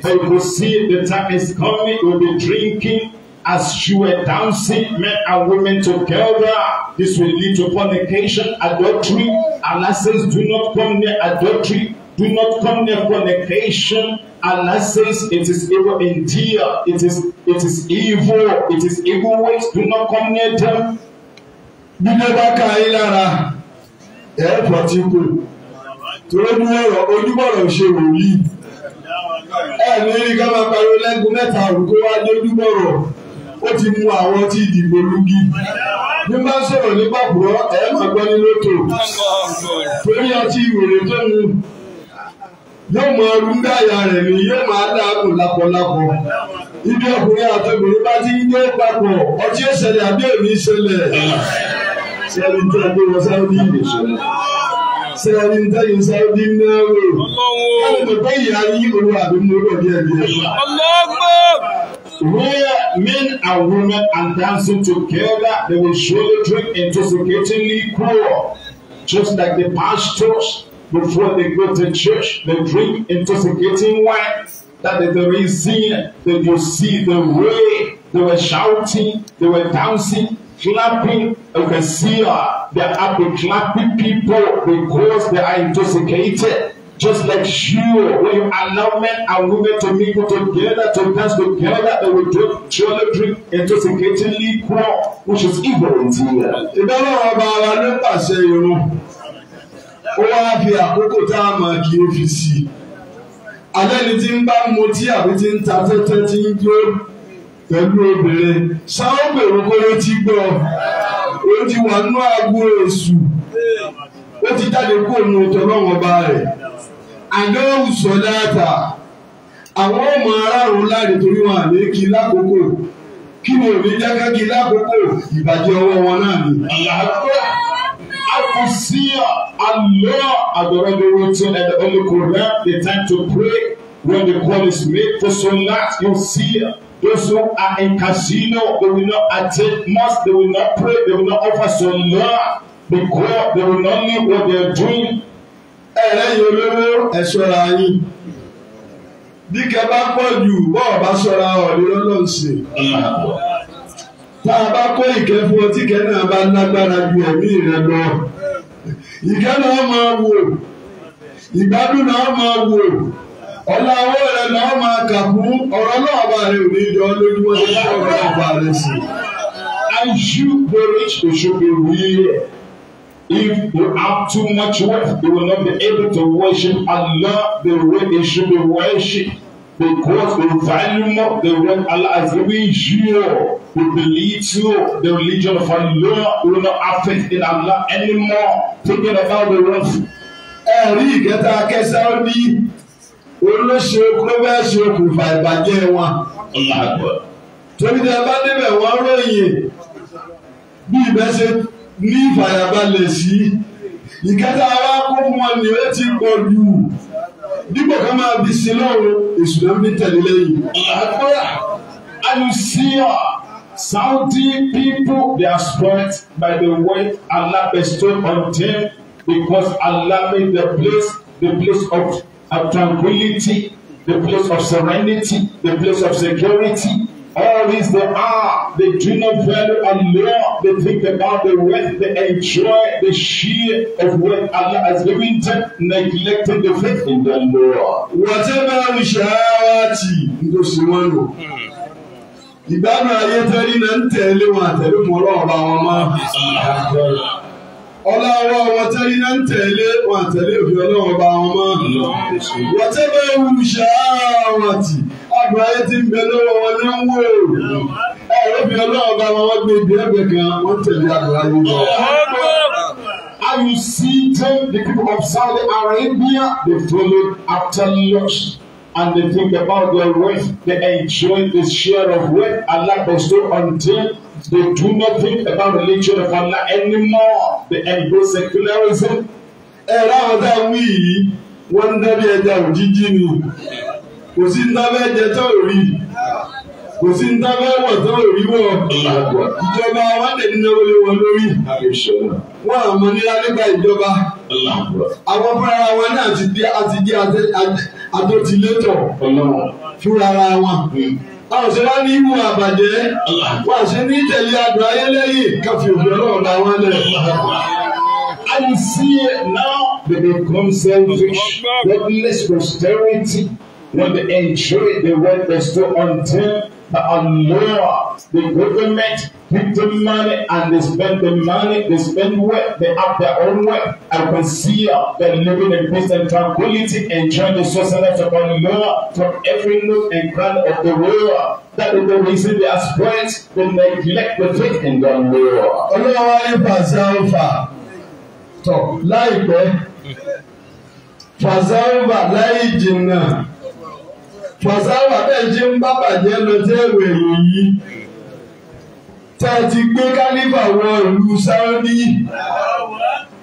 For you will see the time is coming. You will be drinking as you were dancing men and women together. This will lead to fornication, adultery. And I says, do not come near adultery. Do not come near fornication. I says it is evil in indeed. It is it is evil. It is evil ways. Do not come near them. Bílẹ̀ bá ka ayé lára, ẹ̀ pọ̀tí kù. Tòró ní ọ̀rọ̀ ojúbọ̀rọ̀ ṣe wòlíì. Ẹ̀ ní ká máa pariwo lẹ́gùn mẹ́ta òrùkó wá dójúbọ̀rọ̀ ó ti mú àwọn tí ìdìbò lùgì bí bá sọ̀rọ̀ nípa pùrọ̀ ẹ̀ máa gbọ́ ní lóto torí ọtí ìwèrè tó ń yóò máa rú dáyà rẹ̀ ni yóò máa dáàbò lápọ̀lápọ̀ ibi ọkùnrin àtọkùnrin bá ti ń gbé papọ̀ ọtí ìṣẹ̀lẹ̀ àbí èmi ìṣẹ̀lẹ̀ sẹ́ni tí a gbé wọn sáwọ́dí ìṣẹ̀lẹ̀ sẹ́ni tí a yẹ sáwọ́dí náà rò kí ló dé bẹ́ẹ̀ yà á yí olú àbí mú lọ́ọ̀dí ẹ̀ bí ẹ̀ bá where men and women are dancing together, they will surely drink intoxicatingly cool, just like the pastors before they go to church, they drink intoxicating wine. That is the reason that you see the way they were shouting, they were dancing, clapping. You can see uh, they are happy clapping people because they are intoxicated. Just like you, when you allow men and women to mingle together, to dance together, they will drink jolly drink intoxicating liquor, which is evil in here. year. Ìdáwọ̀ ọba wa ló pàṣẹ irun. Ó wá fi àkókò tá a mọ̀ kí ó fi sí i. Abẹ́ni tí ń bá mutí àbí tí ń ta tẹ́tẹ́ tí ń jó pẹ̀lú obìnrin. Sáwọ́ pèrò kó ló ti gbọ́. Ó ti wà nú agbo èṣù. Ó ti jáde kúrò nù tọ́lọ́wọ́n ọba rẹ̀ àdáwù sọ̀dáàtà àwọn ọmọ aráàrùn láre torí wọn àmì kí lákòókò kí wọn ò ní jáká kí lákòókò ìbàjẹ́ ọwọ́ wọn náà ni. àlàáfíà àkùsíyà àlọ́ àgbọ̀rọ̀dọ̀rọ̀ tí ẹ̀dá olùkọ́rẹ́ the time to pray when the call is made so. solat you see those who are in casino they will not attend mosque they will not pray they will not offer so solat because they will not know what they are doing ẹ̀rẹ́yìn olówó ẹ̀ṣọ́ra yín bíkẹ́ bá pọ̀ jù bọ́ọ̀ bá ṣọ́ra ọ̀lẹ́ lọ́lọ́run sí i tá a bá kó ìkẹ́ fún ọtí kẹ́ náà bá lágbára ju ẹ̀mí rẹ lọ ìkẹ́ náà máa wò ìgbádùn náà máa wò ọlá owó rẹ náà máa kà fún ọ̀rọ̀ náà bá rẹ ò ní yọ lójú wọn ní ọ̀rọ̀ náà bá rẹ sí i. aṣù gbòòrò ìṣòṣògbòrò yíyẹ. If you have too much wealth, you will not be able to worship Allah the way He should be worshipped. Because the value of the word Allah has given you will be lead to the religion of Allah will not affect in Allah anymore. Thinking about the wealth. Ẹ̀rí ìkẹta akẹ́sàró ní olóṣèlú ló bẹ́ẹ̀ ṣe okùnfà ìbàjẹ́ wọn. Torí tí a bá débẹ̀ wọ́n ròyìn bí ìbẹ́ ṣe ní ìfàyàbalẹ̀ sí ìkẹta ara kó fún wọn ni ó ti pọ̀ jù dípò ká máa fi sí lọ́rùn èṣù náà fi tẹ̀lé lẹ́yìn àkọ́yà ayùsíyà Saudi people they are spoilt by the way Allah bestowed on them because Allah made the place the place of, of tranquility the place of serenity the place of security All is they are, they do not value Allah. They think about the wealth, they enjoy the sheer of what Allah has given them, neglecting the faith in the Lord. Whatever we shall hmm. ìgbádùn ayé tẹ́lí náà ń tẹ̀lé wọn àtẹ̀lé mọ́rọ́ ọ̀rọ̀ àwọn ọmọ ọlá ọwọ́ wọn náà ń tẹ̀lé wọn àtẹ̀lé òfin ọlọ́wọ́n bá wọn mọ́. wọ́n tẹ́ bá ewu ṣááwàtì àgbà ayé ti ń bẹ lọ́wọ́ wọn náà wò. ọ̀rọ̀ òfin ọlọ́wọ́n bá wọn gbé ibi ẹgbẹ́ kan wọ́n tẹ̀lé àgbà ayé How you see them, the people of Saudi Arabia, they follow after lust and they think about their wealth, they enjoy the share of wealth Allah bestowed on them. They do not think about religion of Allah anymore. They endorse secularism. Ẹ̀rọ ọ̀dà wíì wọ́n ń We ẹja òjijì ni. Kò sí we dábẹ́ Allah, tó rí. Kò sí ń dábẹ́ ẹwọ̀ tó rí wọ̀. Ìjọba wa lè ní owó lé wọn lórí. Wọ́n àmọ́ nílá nípa ìjọba. Àwọn fúnra wọn náà ti di àtijọ́ àtẹ̀tìlétọ̀ our one a ò ní ìwù àbàjẹ́ wà sí ní tẹ̀lé àgbà ayé lẹ́yìn káfí òbí ọlọ́run làwọn lẹ̀. And you see it now they become selfish, godless prosperity, when they enjoy the wealth bestowed on them the allure, the government give them money and they spend the money, they spend well, they have their own way. I can see uh, they're living in peace and tranquility, enjoying the sustenance of allure from every nook and cranny of the world. That is the reason they are spread, they neglect the faith in the allure. Olúwa ní Fàzáùfà tọ̀ láìpẹ́ Fàzáùfà láì jìnnà fọ̀sáwà bẹ́ẹ̀ ṣe ń bá bàjẹ́ lọ sí ẹ̀rọ èèyàn yìí tá a ti gbé kálífà wọ ìlú sáódì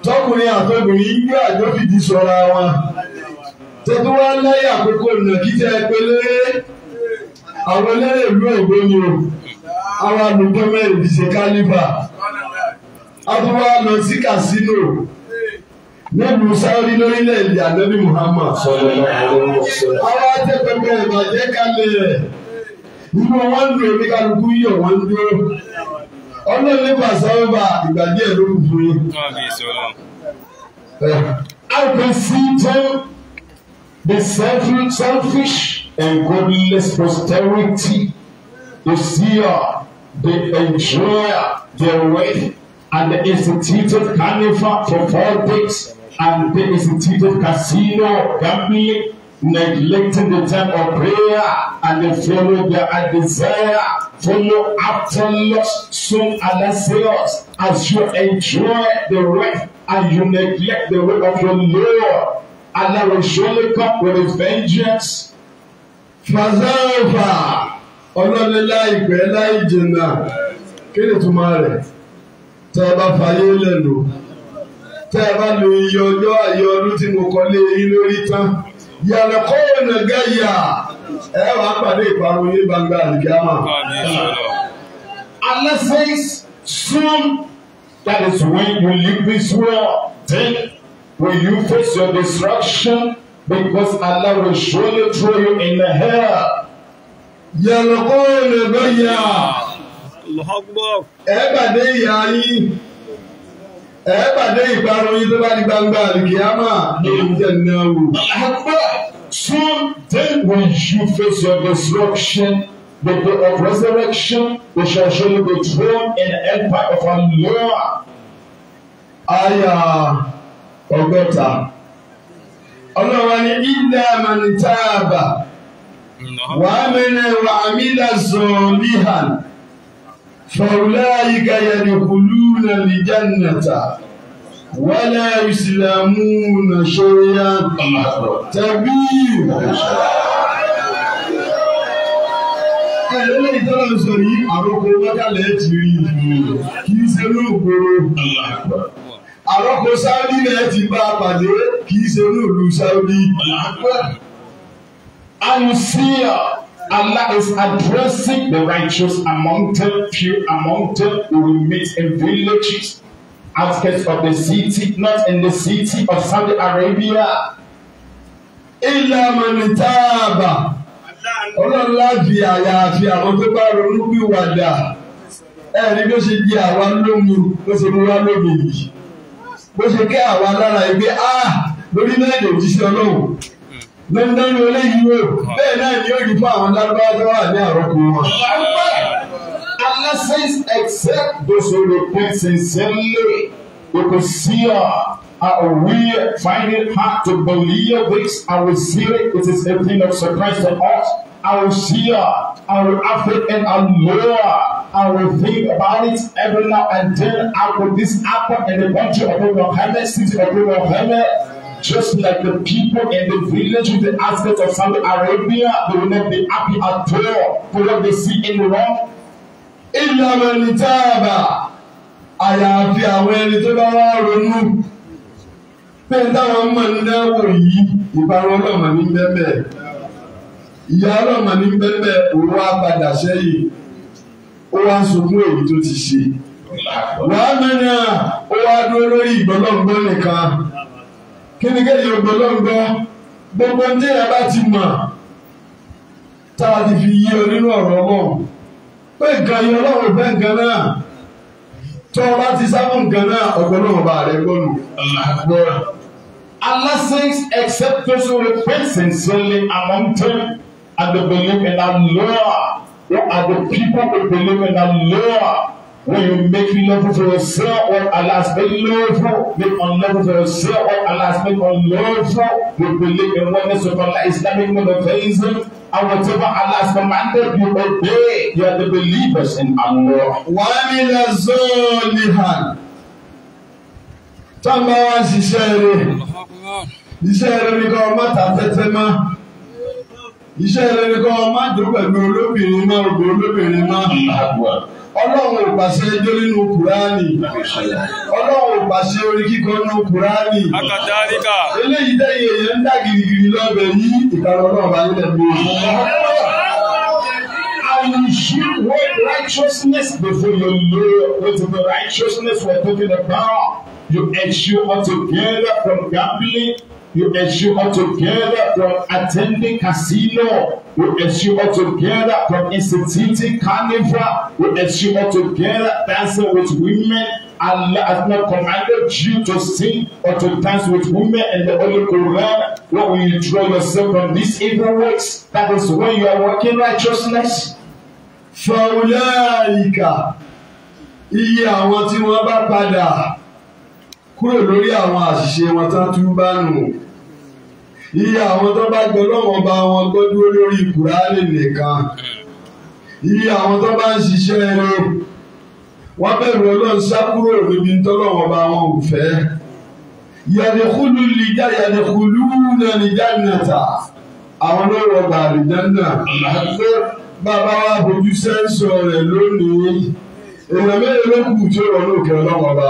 tọkùnrin àtọkùnrin ń gbé àjọ fìdí sọra wọn tuntun wá láyé àkókò ìnà kí tẹ pé léré àwọn eléré ìlú ègbó ni o àwọn àlùkò mẹ́rin ti ṣe kálífà a tún wá lọ sí kàsínò nílùú sáwọ́rí lórílẹ̀‐èdè ànábì Muhammad àwọn atẹ́pẹpẹ ìbàjẹ́ kalẹ̀ inú wọn lò ní kálukú yíyọ wọn dúró ọlọ́run nípa sáwọ́bà ìbàjẹ́ ló ń dúró. I can see too the selfish, selfish and godless posterity the seer, the enjoyer, the wealth, and the instituted carnival for four days and they instituted casino, gambling, neglecting the time of prayer, and they follow their desire, follow after lust, soon anaseus, as you enjoy the right and you neglect the way of your Lord. Allah will surely come with a vengeance. Fazalva, ọlọ́ni láìpẹ́ láì jìnnà kí ni túmọ̀ rẹ̀ tẹ́ ẹ bá fàyè lẹ́nu tẹ́ ẹ bá lo iye ọjọ́ ayé ọdún tí mo kọ́ lé yín lórí tán yàrá kọ́wé nàgá yà ẹ wà á pàdé ìparun ní gbangba àlùkìyàmà. Allah says soon that is when you leave this world then when you face your destruction because Allah will surely throw you in the hell. yàrá kọ́wé nàgá yà ẹ pàdé ìyá yín ẹ pàdé ìparun yín tó bá di gbangba àlìkìyàmà lórí tẹ̀ náà wò. Soon then we should face your destruction, the day of resurrection, we shall surely be thrown in the empire of our Lord. Aya ọgọ́ta. Ọlọ́wà ni ilẹ̀ àmàlìtàbà, wàá mẹ́rin wàá mílà zọ̀ọ́ níhàn. فأولئك يدخلون الجنة ولا يسلمون شيئا تبيرا ẹlẹ́lẹ́ ìtọ́lá ń sọ yìí àròkọ wákàlẹ̀ ẹ̀ ti rí kì í ṣe lóògbòrò àròkọ sáúdí rẹ̀ ti bá a pàdé kì í ṣe lóòlù sáúdí. àlùsíyà Allah is addressing the righteous among them, few among them who will in villages, outskirts of the city, not in the city of Saudi Arabia. Ilẹ̀ Mọ̀nìtàbà, ọlọ́lá di àwọn tó bá ronú bí wàdà. Ẹ̀rí bó ṣe di àwa lóhun bó ṣe mú wá lóbìnrin. Bó ṣe kẹ́ àwa lára ẹgbẹ́ A lórílẹ̀-èdè òjíṣẹ́ Ọlọ́run dandan ni eléyìí wò bẹ́ẹ̀ náà ni yóò rí fún àwọn lárúbáwá tó wà ní àròkọ wọn. Allah says except those who repent sincerely they will see her we find it hard to believe this and we see it it is a thing of surprise to us and we see her and we have it in our lower. and we think about it every now and then. How could this happen in the country of Oklahoma city of Oklahoma? Just like the people in the village with the aspect of Saudi Arabia, they will not be happy at all for what they see in the wrong. Ìlànà ìtaàbà àyàfi àwọn ẹni tó bá wá ronú. Bẹ́ẹ̀ táwọn ọmọ ńlá wò yìí, ìparun ọlọ́mọ ní bẹ́ẹ̀ ìyá ọlọ́mọ ní bẹ́ẹ̀ òun wá padà sẹ́yìn. Ó wá sunkún èyí tó ti ṣe. Wàá mẹ́rin à, ó wá dúró lórí ìgbọ́lọ́gbọ́n nìkan kí ni kéèyàn gbọ́lọ́gbọ́ gbogbo ní ẹ ti mọ̀ tá a ti fi yé ọ nínú ọ̀rọ̀ ọmọ pé nǹkan yẹn ọlọ́run fẹ́ nǹkan náà tó o bá ti sábà nǹkan náà ọgbọ́nọ́wọ́ bá rẹ gbọ́nù aláàbọ̀rà. Allah says, except those who repent sincerely among them and they believe in Allah, who are the people who believe in Allah. When you make love lawful for yourself or Allah has made lawful, make unlawful for yourself or Allah has made unlawful, you believe in oneness of Allah, Islamic monotheism, and whatever Allah commanded, you obey. You are the believers in Allah. وَمِنَ الظَّالِحَةِ Táwọn bá wá ṣiṣẹ́ rẹ̀, iṣẹ́ rẹ̀ ni kọ́ ta tàfẹ́fẹ́ máa iṣẹ́ rẹ̀ ni kọ́ ọmọ dùn pẹ̀lú olóbìnrin máa olóbìnrin máa ọlọ́run ò pàṣẹ ẹjọ́ nínú kùránì ọlọ́run ò pàṣẹ orí kíkọ nínú kùránì eléyìí dẹ́yìn èèyàn ń dá girigiri lọ́bẹ̀ ní ìkàrọ̀ náà bá nílẹ̀ bí And you should righteousness before your Lord with the righteousness we're talking about. You ensure altogether from gambling You ensure together from attending casino. You ensure together from instituting carnival. You ensure together dancing with women. Allah has not commanded you to sing or to dance with women in the Holy Quran. When will you draw yourself from these evil works? That is when you are working righteousness. فَأُولَٰئِكَ Iye àwọn tí wọ́n bá padà kúrò lórí àwọn àṣìṣe wọn tán tún bá nù iye àwọn tó bá gbọ́ lọ́wọ́ bá wọn kó dúró lórí kùránì nìkan iye àwọn tó bá ń ṣiṣẹ́ ẹni wọ́n bẹ̀rù ọlọ́run sá kúrò níbi tọ́lọ́wọ́ bá wọn ò fẹ́ yàdìkúlù lìjà yàdìkúlù náà lìjà nàta àwọn lọ́wọ́ ọgbà àlùjánnà àti bàbá wa bójú sẹ́ńsọ̀ rẹ̀ lónìí èèyàn mẹ́rin ló kù tí ó rọ̀ lóòkè ọlọ́wọ́ bá.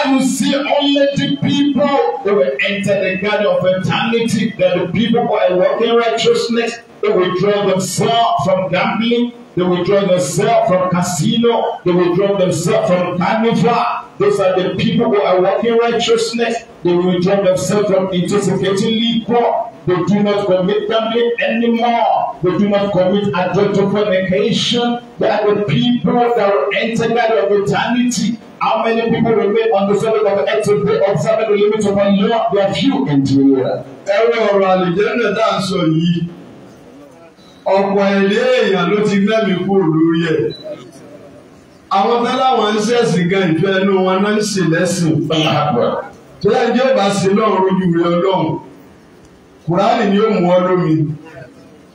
I will see only the people that will enter the garden of eternity, that the people who are walking righteousness, they will draw themselves from gambling, they will draw themselves from casino, they will draw themselves from carnival. Those are the people who are walking righteousness, they will draw themselves from intoxicating liquor, they do not commit gambling anymore. They do not commit adultery fornication. They are the people that will enter God of eternity. How many people remain on the surface of the earth observing the limits of our law, their view and their. Ẹ̀rọ ọ̀rọ̀ àlìjẹ́nà tá à ń sọ yìí, ọ̀pọ̀ ẹ̀lẹ́ èèyàn ló ti mẹ́mí kúrò lórí ẹ̀. Àwọn tó láwọn ń ṣẹ̀sìn gan ìfẹ́ inú wọn náà ń ṣe lẹ́sìn. Tó yẹ kí ó bá ṣe lọ́run lójú rẹ ọlọ́run. Kùránì ni ó mú ọ lómi.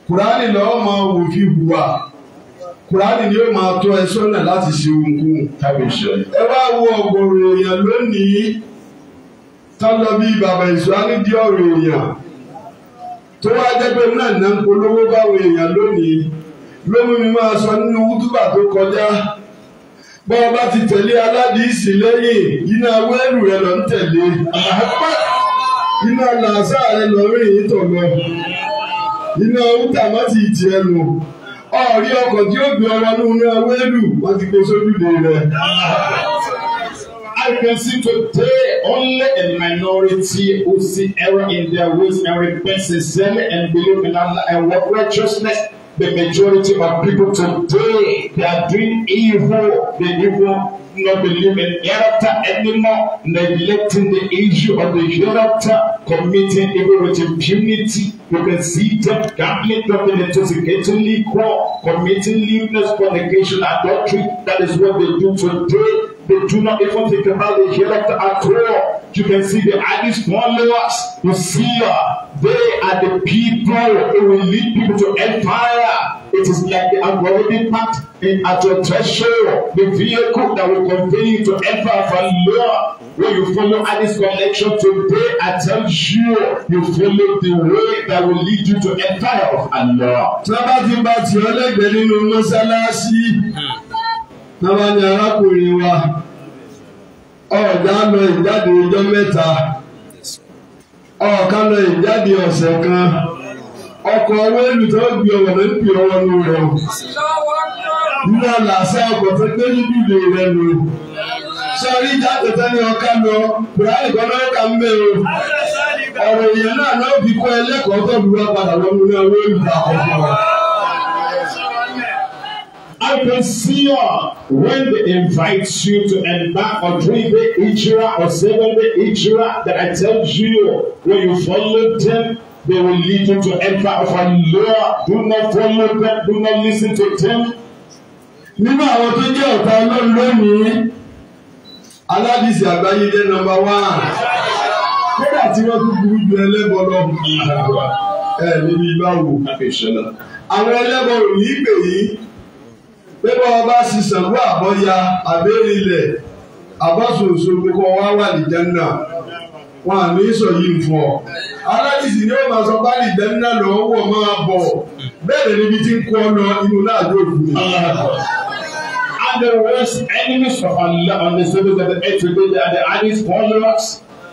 Kùránì lọ́ọ́ mọ òfin hùwà. kùránì ni ó máa tọ́ láti ṣe ohunkóhun. ẹ wá wo ọ̀gọ̀rọ̀ èèyàn lónìí tọ́lọ bí bàbá ìṣúná di ọ̀rọ̀ èèyàn tó wá jẹ́ náà ná ń polówó báwọn èèyàn lónìí lómú mi máa sọ nínú wútúbà tó kọjá bọ́ ọ bá ti tẹ̀lé lẹ́yìn iná wẹ́rù rẹ lọ ń tẹ̀lé iná làásà rẹ lọ lọ iná ọ̀rí ọkọ̀ tí ó gbé ọwọ́ ní orí awélu wọ́n ti kó sójúde rẹ̀. I can see today only a minority who see error in their ways and repent sincerely and believe in Allah and work righteousness the majority of people today they are doing evil the evil not believing in hereafter anymore neglecting the issue of the hereafter committing evil with impunity you can see them gambling drugging intoxicating liquor committing lewdness fornication adultery that is what they do today They do not even think about the hereafter at all. You can see the Addis followers. You see, uh, they are the people who will lead people to empire. It is like the algorithm packed in at your threshold, the vehicle that will convey you to empire from law. When you follow Addis connection today, I tell you, you follow the way that will lead you to empire of Allah. lára ni arákùnrin wa ọ̀ọ́dá lọ ìjáde dị mẹ́ta ọ̀ọ́ká lọ ìjáde ọ̀sẹ̀ kan ọkọ̀ wẹ́ẹ̀lù tó gbé ọwọ́ ló o. nínú àlàáfíà tó gbé níbi ìlú lò. sọrí lọ kan náà kà ń bẹ̀ o. ọ̀rọ̀ ìyẹn náà náà fi kọ́ ẹlẹ́kọ̀ọ́ tó dúró padà lọ́mú náà I can see you when they invite you to embark on three day Hijra or seven day Hijra that I tell you when you follow them they will lead you to enter of a Allah do not follow them do not listen to them. nínú àwọn tó jẹ́ ọ̀tá ọlọ́run lónìí aládìsí àgbáyé jẹ́ nọ́mbà wán kódà tí wọ́n tún burú ju ẹlẹ́bọ lọ ẹ níbi báwo àwọn ẹlẹ́bọ ò ní pè yín pé bá wọn bá ṣiṣẹ́ ló àbọ̀yá àbẹ́rẹ́ ilẹ̀ àbọ̀sòsò pé wá wà ní wọn à ní sọ yìí fún ọ. aláìsí ni ó máa sọ bá ní lọ wọ̀ máa bọ̀ bẹ́ẹ̀ níbi tí ń kọ́ lọ inú láàjọ òkú. And the worst enemies of Allah on the surface of the earth today they are the highest followers.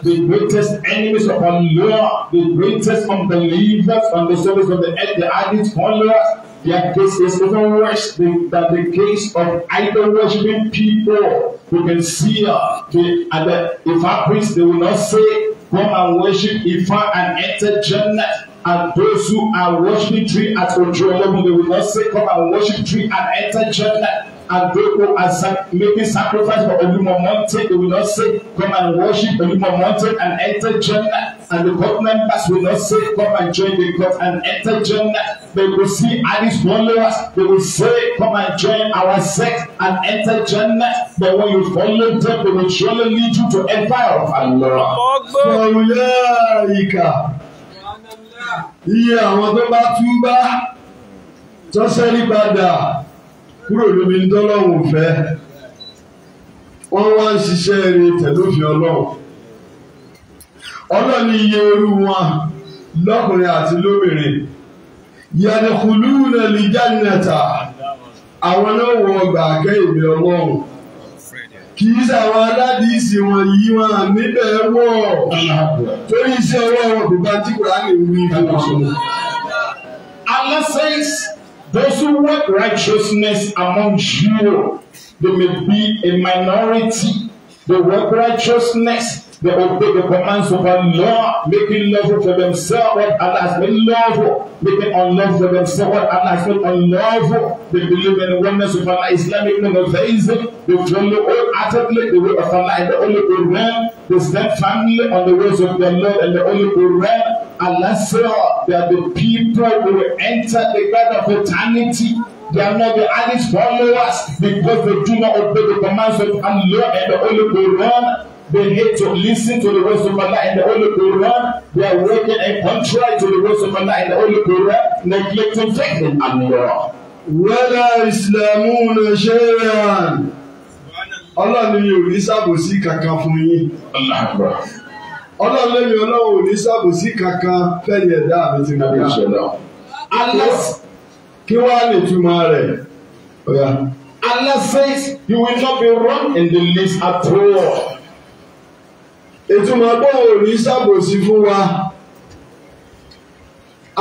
The greatest enemies of Allah, the greatest unbelievers on the surface of the earth, the highest followers. Their case is even worse than, than the case of idol worshiping people. who can see uh, the, at the Ifa priest, they will not say, Come and worship Ifa and enter Jannah. And those who are worshiping tree at Ojoolobi, they will not say, Come and worship tree and enter Jannah and they who are sac making sacrifice for Olúmọ mountain they will not say come and worship Olúmọ mountain and enter Jannah and the court members will not say come and join the court and enter Jannah they will see Alice followers they will say come and join our sect and enter Jannah but when you follow them they will surely lead you to empire of Allah. ọ̀gbọ́n ìkà iye àwọn tó bá túbá tó ṣẹ́rí padà kúrò lómi ń dọ́lọ́hùn fẹ́ wọ́n wá ń ṣiṣẹ́ eré tẹ̀lófin ọlọ́run ọlọ́run ní iye irú wọn lọ́kùnrin àti lóbìnrin yàdìkùlù náà lè àwọn náà wọ ọgbà akẹ́yìnbí ọlọ́run kì í sàwọn aládìísì wọn yìí wọn níbẹ̀ wọ̀ torí iṣẹ́ ọwọ́ wọn kò bá tí kò rà ní ìwé ìfowópamọ́. Allah says. Those who work righteousness among you, they may be a minority. They work righteousness They obey the commands of Allah, making love for themselves what Allah has made love, making unlove for themselves what Allah has made unlove. They believe in the oneness of Allah, Islamic monotheism. They follow wholeheartedly the way of Allah and the Holy Quran. They stand firmly on the ways of their Lord and the Holy Quran. Allah said are the people will enter the garden of eternity. They are not the Alice followers because they do not obey the commands of Allah and the Holy Quran. They need to listen to the words of Allah and the Holy Quran. They are working and contrary to the words of Allah and the Holy Quran, neglecting faith in Allah. ولا يسلمون شيئا ọlọ́run yìí ò ní ṣàbòsí kankan fún yín ọlọ́run lẹ́yìn ọlọ́run ò ní ṣàbòsí kankan fẹ́yìn ẹ̀dá mi ti mọ̀ ká. Allah kí wàá Allah says you will not be wrong in the least at all ìtumọ̀ bọ́ọ̀ ní ṣàbòsí fún wa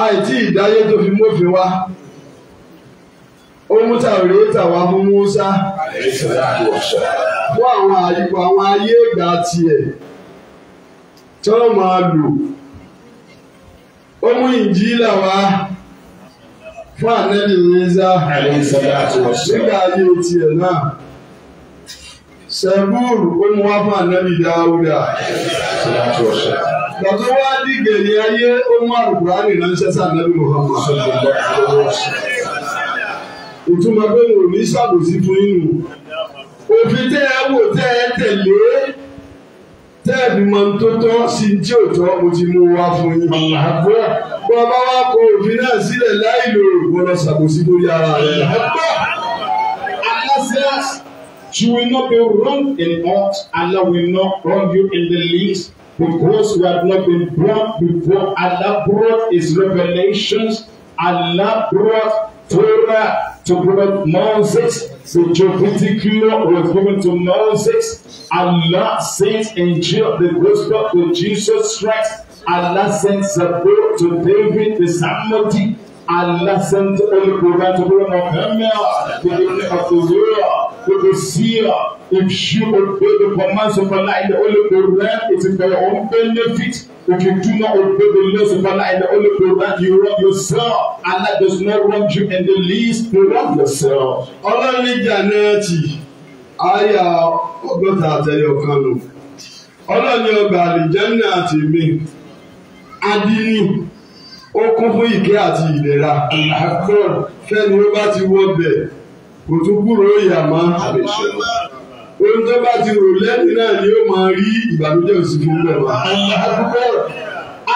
àìtí ìdáyé tó fi mófin wa ó mú tàwérí tàwa mú Mùsá fún àwọn àyípo àwọn ayé ìgbà tiẹ̀ tí wọ́n máa lò ó mú Ìnjílà fún ànẹ́bí Ìsá nígbà ayé tiẹ̀ náà sẹ́búrù pé mo wá fún ànábì dáúdà gbàtọ́ wá dìgbè ní ayé ó mú àlùkùránì ránṣẹ́ sí ànábì Muhammad ìtumọ̀ pé mo ní ṣàbòsí fún inú òfin tẹ́ ẹ wò tẹ́ ẹ tẹ̀lé tẹ́ẹ̀bì mọ tó tọ́ sí tí ò tọ́ mo ti mú wá fún yín. àgbọ̀ bó ọba wa kọ òfin náà sílẹ̀ láì lo òògùn ọlọ́sàkóso lórí ara rẹ̀. àgbọ̀ You will not be wrong in aught. Allah will not wrong you in the least because we have not been brought before. Allah brought His revelations. Allah brought Torah to Prophet Moses. The Jovitical law was given to Moses. Allah sent in the gospel to Jesus Christ. Allah sent Zabur to David, the Samoti. Allah sent the Holy Quran to Prophet Muhammad, the Ibn Abdullah. with the seer. If you obey the commands of Allah in the Holy Quran, it is for your own benefit. If you do not obey the laws of Allah in the Holy Quran, you wrong yourself. Allah does not wrong you in the least, you wrong yourself. Ọlọ́ni Jannati, àyà ọgọ́ta àtẹ̀yọ̀ kan nù. Ọlọ́ni ọgbà àlìjẹ́nà àti mi, adínì ó kún fún ìkẹ́ àti ìlera. Àkọ́rọ̀ fẹ́ni ó bá ti wọ bẹ̀ kò kúrò yà má àbẹ̀ṣẹ̀ ohun tó bá ti rò lẹ́yìn náà ni ó máa rí ìbànújẹ́ òsì fún wá. àdúgbò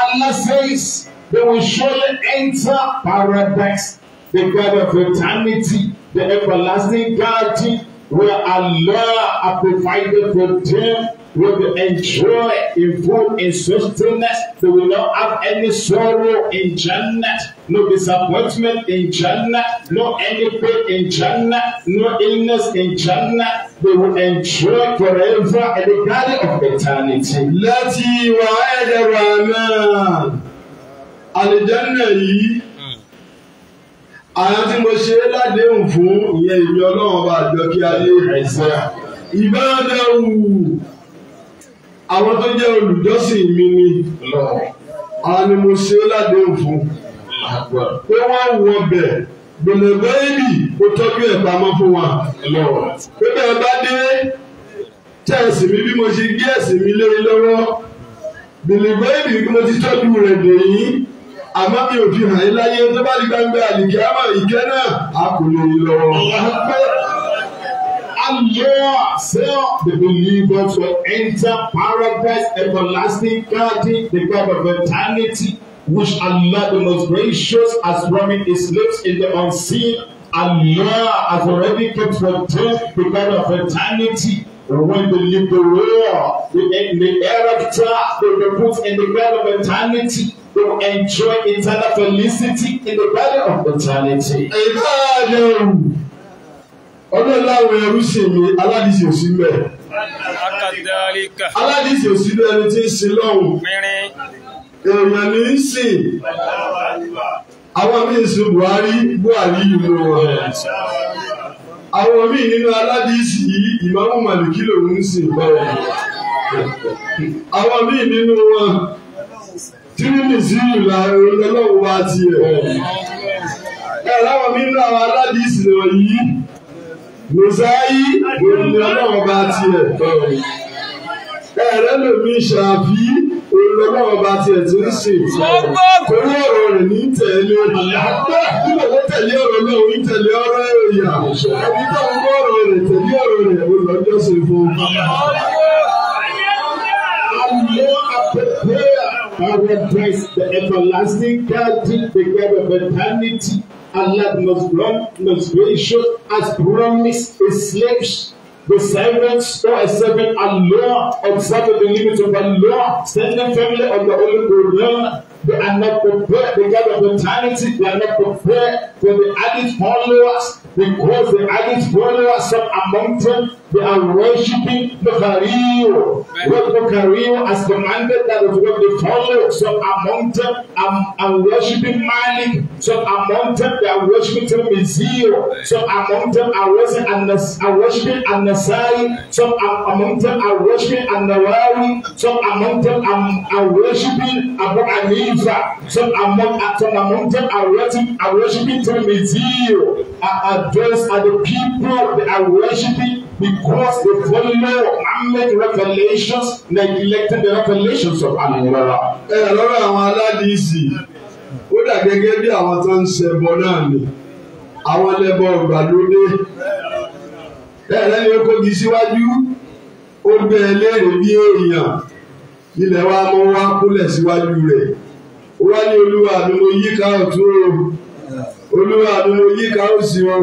Allah says they will surely enter paradise the God of eternity the everlasting guarantee where Allah has provided for them will be enjoy in full in sustenance. They will not have any sorrow in Jannah, no disappointment in Jannah, no any pain in Jannah, no illness in Jannah. They will enjoy forever at the garden of eternity. Láti wàhálà rà náà, àlìjáná yìí àwọn tí mo ṣe ládéhùn fún ìyẹn ìmí ọlọ́run ọba àjọ kí ayé ìbáraẹ̀wù àwọn tó jẹ́ olùjọ́sìn mi ni àwọn ni mo ṣe ládéhùn fún pé wọ́n wọ bẹ̀ gbẹ̀lẹ̀gbẹ́ ibì kó tọ́jú ẹ̀ pamọ́ fún wa pé bẹ́ẹ̀ bá dé tẹ́ ẹ̀sìn mi bí mo ṣe gbé ẹ̀sìn mi lé lọ́wọ́ gbẹ̀lẹ̀gbẹ́ ibì kí mo ti tọ́jú rẹ̀ dè yín àmọ́ mi ò fi hàn yín láyé tó bá di gbangba àlìkẹ́ àmọ́ ìkẹ́ náà a kò lè yí lọ́wọ́. Allah sell the believer to enter paradise everlasting guarding the God of eternity which Allah the most gracious has promised his lips in the unseen Allah has already kept for them the God of eternity when they leave the world the, the hereafter they will be put in the God of eternity will enjoy eternal felicity in the valley of eternity. Ìbáàdé ọlọ́láwọ̀ ẹrú ṣe mi aládìsí òsì bẹ́ẹ̀. Aládìsí òsì bẹ́ẹ̀ ni tí ń sin lọ́hùn. Èèyàn ní í sìn. Àwọn míì sin Buhari Buhari ìlú wọn. Àwọn míì nínú aládìsí yìí ìmọ̀ọ́mù Màlìkí lòún sìn bẹ́ẹ̀. Àwọn míì nínú wọn tí nínú sí ìlà ọlọ́run bá ti ẹ̀. ẹ láwọn nínú àwọn aládìsí wọ̀nyí mùsáyí òní ọlọ́run bá ti ẹ̀. ẹ rẹ lómi ṣàfi òní bá ti ẹ̀ tí ń ṣe. torí ọ̀rọ̀ rẹ̀ ní tẹ̀lé nígbà tó tẹ̀lé ọ̀rọ̀ náà ní tẹ̀lé ọ̀rọ̀ èròyà ẹni tó ń gbọ́ ọ̀rọ̀ rẹ̀ tẹ̀lé ọ̀rọ̀ rẹ̀ olùdókòsè fún un. I will the everlasting God, the God of eternity. Allah most blunt, most gracious, has promised his slaves, the servants, or a servant Allah, observe the limits of Allah, send the family of the Holy Quran. They are not prepared because of eternity. They are not prepared for the added followers because the added followers, are among them, They are worshiping the Pharaoh. What the Pharaoh has commanded that is what they follow. So among them, I'm, I'm worshiping Malik. So among them, they are worshiping Mizio. So among them, I worship worshiping Anasai. So among them, I worshiping Anawawi. So among them, I'm, I'm worshiping Abu Anifa. So among, so among them, I worship, I worshiping Mizio. I those are the people that are worshiping because they follow Muhammad revelations neglected the revelations of Allah. ẹ lọ́rọ̀ àwọn aládìsí ó dà gẹ́gẹ́ bí àwọn tó ń ṣẹbọ náà ni àwọn ẹlẹ́bọ ìgbàlódé ẹ lẹ́ni ó kó di síwájú ó gbé e bí èèyàn ilẹ̀ wa mọ́ wá kúlẹ̀ síwájú rẹ̀ ó wá ní olúwa mi yíká ọ̀tún o olúwa mi yíká òsì o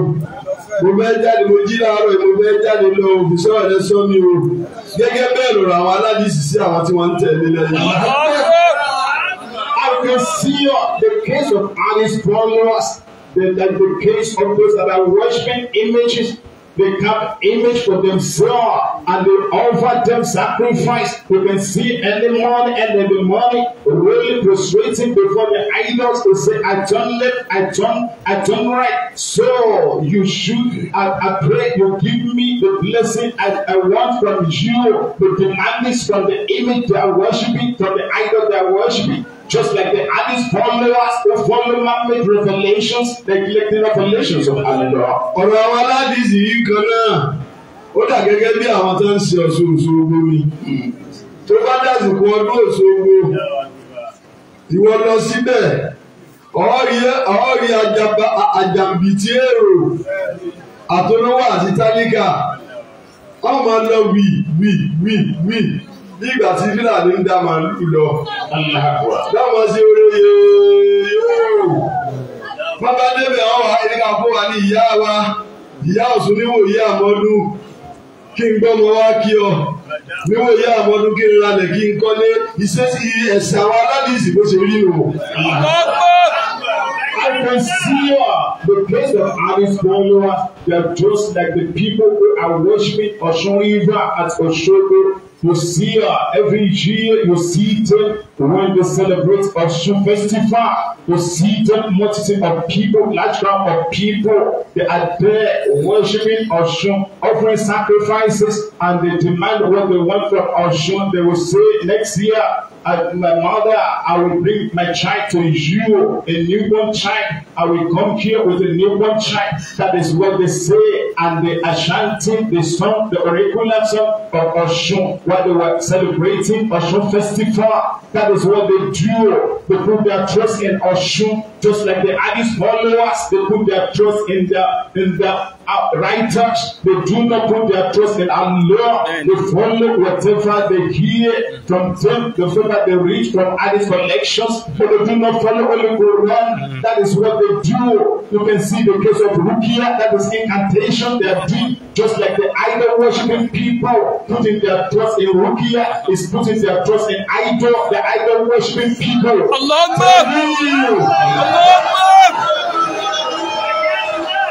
mo fẹ́ jáde mo jí láàárọ̀ mo fẹ́ jáde lọ òfìsẹ́ ọ̀rẹ́ sọ mi o gẹ́gẹ́ bẹ́ẹ̀ lọ̀rọ̀ àwọn aládìsí sí àwọn tí wọ́n ń tẹ̀lé lẹ́yìn. I can see uh, the case of Alice followers, the, the, the case of those that are worshiping images They carved image for themselves and they offer them sacrifice. We can see any morning and in the morning really prostrating before the idols to say, I turn left, I turn, I turn right. So you should, I, I pray you give me the blessing I, I want from you, the demands from the image they are worshiping, from the idol they are worshiping. Just like the Addis formulas, the formula made revelations, they collect the revelations of Hallelujah. Ọ̀rọ̀ àwọn aládìsí yìí kan náà, ó dà gẹ́gẹ́ bí àwọn tó ń ṣe ọ̀ṣun òṣogbo mi. Tó bá dàsìkò ọdún òṣogbo, ìwọ lọ síbẹ̀, ọ̀ọ́rí àjàmbìtì èrò, àtọ́núwà àti tálíkà, ọmọ lọ wì wì wì wì bí tí fúlàní ń dá màálù lọ dáwọn sí oore yóò wọn débẹ̀ ọ̀ wá ẹni ká wa ní ìyá wa ìyá ọ̀sùn níwòye àmọ́dún kí n gbọ́mọ wá kí ọ níwòye àmọ́dún kí n ralẹ̀ kí n kọ́lé ìṣesí ẹ̀sìn àwọn aládìsí bó ṣe rí o. I can see uh, the place of Addis Ababa. They are just like the people who are worshiping Osun River at Osogbo You see every year, you see them when they celebrate Osun Festival. You see them multitude of people, large crowd of people. They are there worshiping Osun, offering sacrifices, and they demand what they want from Osun. They will say next year, as my mother, I will bring my child to you, a newborn child. I will come here with a newborn child. That is what they say. And the Ashanti, the song, the oracular song of Oshun, while they were celebrating Oshun festival. That is what they do. They put their trust in Oshun, just like the Addis followers. They put their trust in their in their. Writers, they do not put their trust in Allah. They follow whatever they hear from them, the whatever they reach from other collections, but they do not follow only Quran. Mm. That is what they do. You can see the case of Rukia, that is incantation they are doing, just like the idol worshipping people putting their trust in Rukia is putting their trust in idol, the idol worshipping people. Allah, Allah, Allah.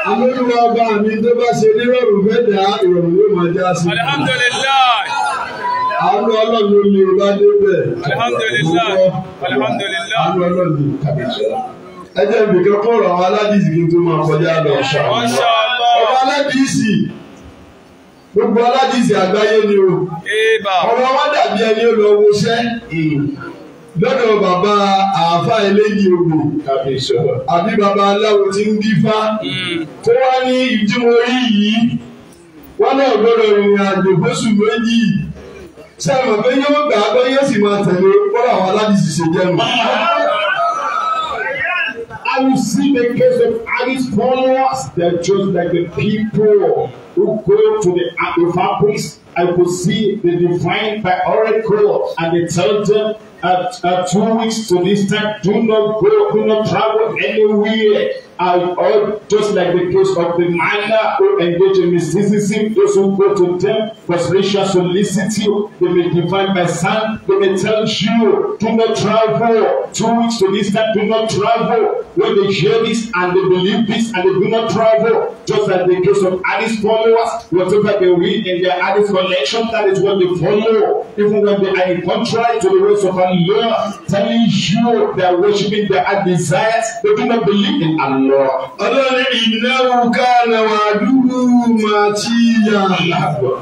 Olúwa ọba mi tó bá ṣe nírọ̀rùn fẹ́ dá ìrọ̀rùn yóò máa já sí. Alihamdulilayi. Àánú ọlọ́run ni o bá dé bẹ̀. Alihamdulilayi. Alihamdulilayi. Àánú ọlọ́run ni kàbíyèsí. Ẹ jẹ́ ibìkan fọ̀rọ̀ àwọn aládìsí kí n tó máa kọjá lọ. Ọba aládìsí gbogbo aládìsí àgbáyé ni o. Ọ̀rọ̀ wa dàbí ẹni ó lọ wo iṣẹ́ lọ́dọ̀ bàbá àáfà eléyìí ògbò àbí bàbá aláwo ti ń dífá hmm. tó wá ní ìdíwọ́ yìí wọ́n náà gbọ́dọ̀ ìrìn àjò fóṣù méjì sẹ́wọ̀n pé yóò gbà á pé yóò sì máa tẹ̀lé kọ́lá àwọn aládìsí ṣe jẹ́nu. I will see the case of Ali's followers. They're just like the people who go to the Evaporis. I will see the divine by oracle and they tell them at, two weeks to this time, do not go, do not travel anywhere are all just like the case of the minor who engage in mysticism, those who go to them for spiritual solicitude, they may divide my son, they may tell you, do not travel, two weeks to this time, do not travel. When they hear this and they believe this and they do not travel, just like the case of Addis followers, whatever they read in their Addis collection, that is what they follow. Even when they are in contrary to the ways of Allah, telling you they are worshiping their desires, they do not believe in Allah lọ. ọlọ́ni ìnáwó káàlà wà dúró máa ti yà lágbà.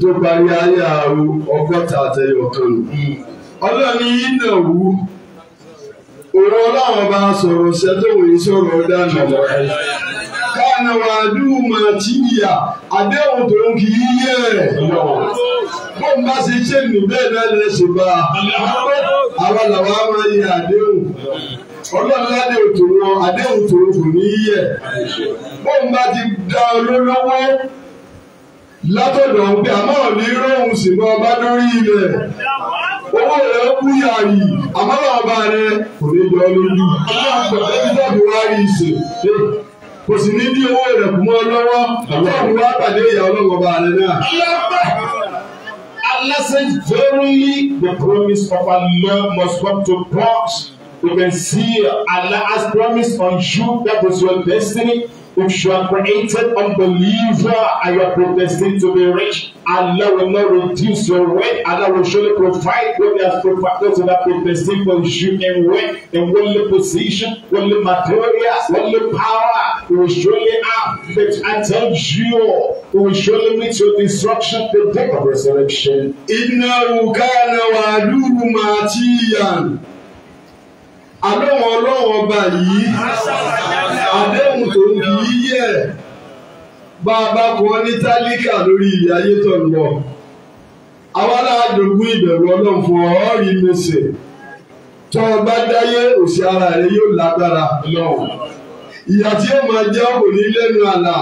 tó parí ayé àrùn ọgọ́ta àtẹyọ kan nù. ọlọ́ni ìnáwó òun ọlọ́run bá sọ̀rọ̀ ṣẹ́dọ̀wò yìí sọ̀rọ̀ dáná lọ. káàlà wà dúró máa yà àdéhùn tó ń kì í yẹ bó bá ṣe ṣe nù bẹ́ẹ̀ náà lè ṣe bá a. àwa làwa máa yẹ àdéhùn ọlọ́ọ̀ládé òtò wọn àdéhùn tó kù ní yíyẹ bóun bá ti da olólówó látọ̀dọ̀ pé àmọ́ òní róhùn sì mọ́ ọba lórí ilẹ̀ owó rẹ̀ kú yàrá àmọ́ ọba rẹ̀ kò ní yọ lójú ọlọ́ọ̀gbọ̀n wá rí ìṣe kò sì ní bí owó rẹ̀ kú mọ́ lọ́wọ́ ọlọ́ọ̀gbọ̀n wá pàdé ìyá ọlọ́gbọ̀n ọba rẹ̀ náà. Allah says, verily, the promise of Allah must come to pass. You can see Allah has promised on you that was your destiny. If you are created unbeliever and you are predestined to be rich, Allah will not reduce your wealth. Allah will surely provide what He has provided to that predestined for you in wealth, in worldly position, worldly materials, worldly power. He will surely have. But I tell you, He will surely meet your destruction the day of resurrection. Inna kana wa luma tiyan àdéhùn ọlọ́run ọba yìí àdéhùn tó ń fi yíyẹ bá a bá kọ́ ní tálíkà lórí ilẹ̀ ayé tó ń lọ àwa aláàdógún ìbẹ̀rù ọlọ́run fún ọ̀ọ́rì mẹ́sẹ̀ tó o bá dáyé òsì ara rẹ yóò lágbára lọ́wọ́ ìyà tí ó máa jẹ́ kò ní lẹ́nu àlà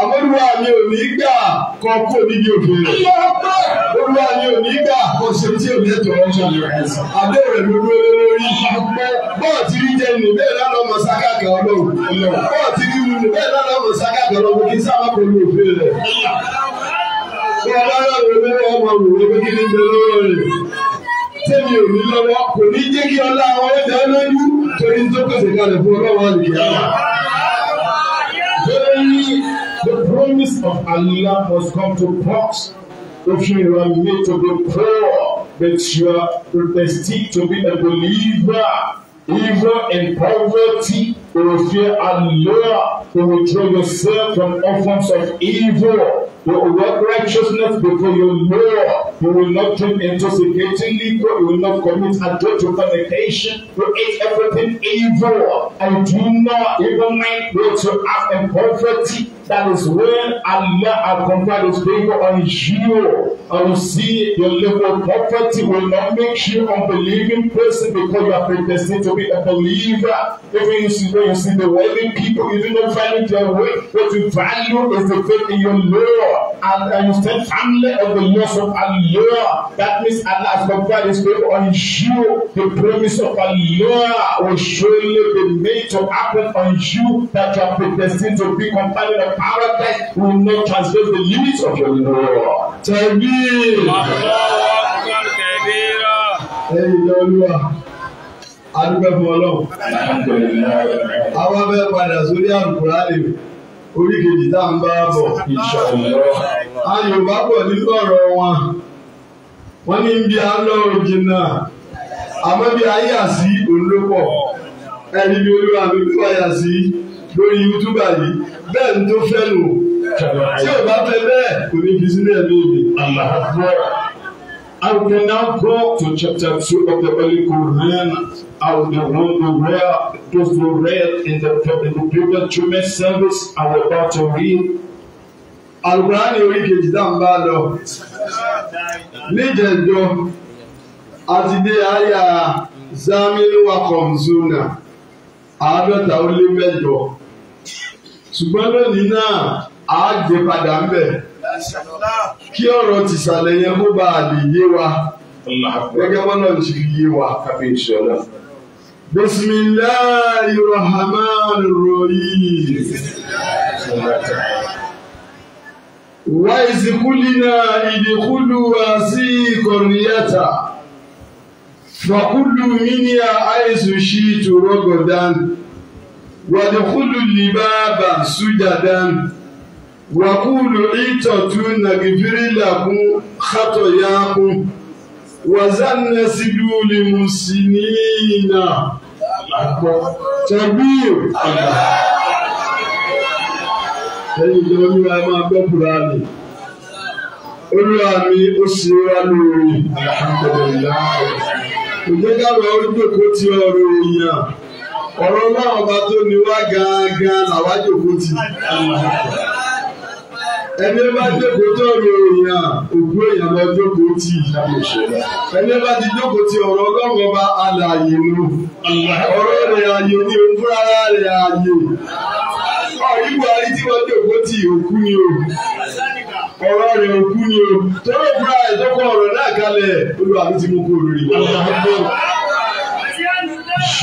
àmọ́lúwa mi ò ní gbà kọ́ kó níbi òkè rẹ̀ olúwa mi ò ní gbà kọ́ ṣe tí ò lẹ́tọ̀ àbẹ́ rẹ̀ ló dúró lórí bọ́ọ̀ tí rí jẹ́ nù bẹ́ẹ̀ lọ́nà ọmọ sáká kan ọlọ́run bọ́ọ̀ tí rí nù bẹ́ẹ̀ lọ́nà ọmọ sáká kan ọlọ́run kí sábà kò ní òfin rẹ̀. Bí ọlọ́run ló ń bá ọmọ òwúrọ̀ pé kí ni bẹ lọ́wọ́ rẹ̀ tẹ́mi ò lọ́wọ́ kò ní jẹ́ kí ọlá àwọn ọjà lójú torí tó pèsè kalẹ̀ fún ọlọ́wọ́ àlùkìyàmá. Verily, the promise of Allah must come to pass if you are made to be poor, but you are destined to be a believer. Even in poverty, you will fear Allah, you will withdraw yourself from offense of evil. You will walk righteousness before your Lord. You will not drink intoxicating liquor. You will not commit adultery, fornication. You hate everything evil. And do not even mind what you have in poverty. That is when Allah has compared his people on you. I will see your level of poverty will not make you unbelieving person because you are predestined to be a believer. Even you see, when you see the wealthy people, you do not find it way. What you value is the faith in your Lord. And and understand family of the laws of Allah. That means Allah has conferred His favor on you. The promise of Allah will surely be made to happen on you that you are destined to be companion of paradise will not transgress the limits of your law. Tẹ̀lé. Ẹyin lọ́lúwa, adúgbò fún ọlọ́run. Àwọn abẹ́ padà sórí àlùkò láàrin oríkejì tá à ń bá bọ̀ ìṣọ̀lọ́. Ayọ̀bá bọ̀ nínú ọ̀rọ̀ wọn. Wọ́n ní bí a lọ Àmọ́ bí ayé àsí olópọ̀. Ẹni bí olúwa mi bí wáyé àsí lórí YouTube yìí. Bẹ́ẹ̀ ni tó fẹ́ lò. Tí ò bá fẹ́ bẹ́ẹ̀ kò ní fi sílẹ̀ lóògbé. I will now go to chapter 2 of the Holy Quran. I will the one who read, those who read in the, in the previous Jummah service, I will about to read. Al-Quran orí kejì tá à ń bá lọ. Níjẹ̀jọ́, a ti dé àyà Zamiru wa Kọ̀mzúnà, àádọ́ta ó lé mẹ́jọ. Ṣùgbọ́n lónìí náà, àá jẹ padà ń bẹ̀ kí ọ̀rọ̀ tìsàlẹ̀ yẹn kó bá a lè yé wa gẹ́gẹ́ bọ́lá ti fi yé wa kábíyèsí ọ̀la. bisimilahi rahman rahim. wáyìsì kúlínà ìdíkúlù wá sí kọ̀ríyàtà fàkúlù mí ní àìsùn sí ìtòrọ́gọ̀dán wàdìkúlù lìbàbà sùjàdán wàkúlù ìtọ̀tù nàgìfírí làkún xatọ̀ wazana wàzánà sídúlì mùsùlùmíìnà àpọ̀ tẹ̀bíyò àgbà. lẹ́yìn ìjọba mi máa máa gbọ́ kúránì olúwa mi ó ṣe wá lórí alhamdulilayi kò jẹ́ káwọn olùdókòó ti ọ̀rọ̀ èèyàn ọ̀rọ̀ náà ọba tó ní wá gangan làwájò kò ti ẹni bá jókòó tó ọ̀rọ̀ èèyàn òkú èèyàn lọ jókòó tì í ẹni bá ti jókòó ti ọ̀rọ̀ ọlọ́run ọba alààyè lò ọ̀rọ̀ rẹ̀ ààyè ni òun fúnra rẹ̀ ààyè ọ̀rí buhari tí wọ́n jókòó tì òkú ni o ọ̀rọ̀ rẹ̀ òkú ni o tó ló fúnra rẹ̀ tó kọ ọ̀rọ̀ náà kalẹ̀ olùwàbí ti mú kó olórí wọn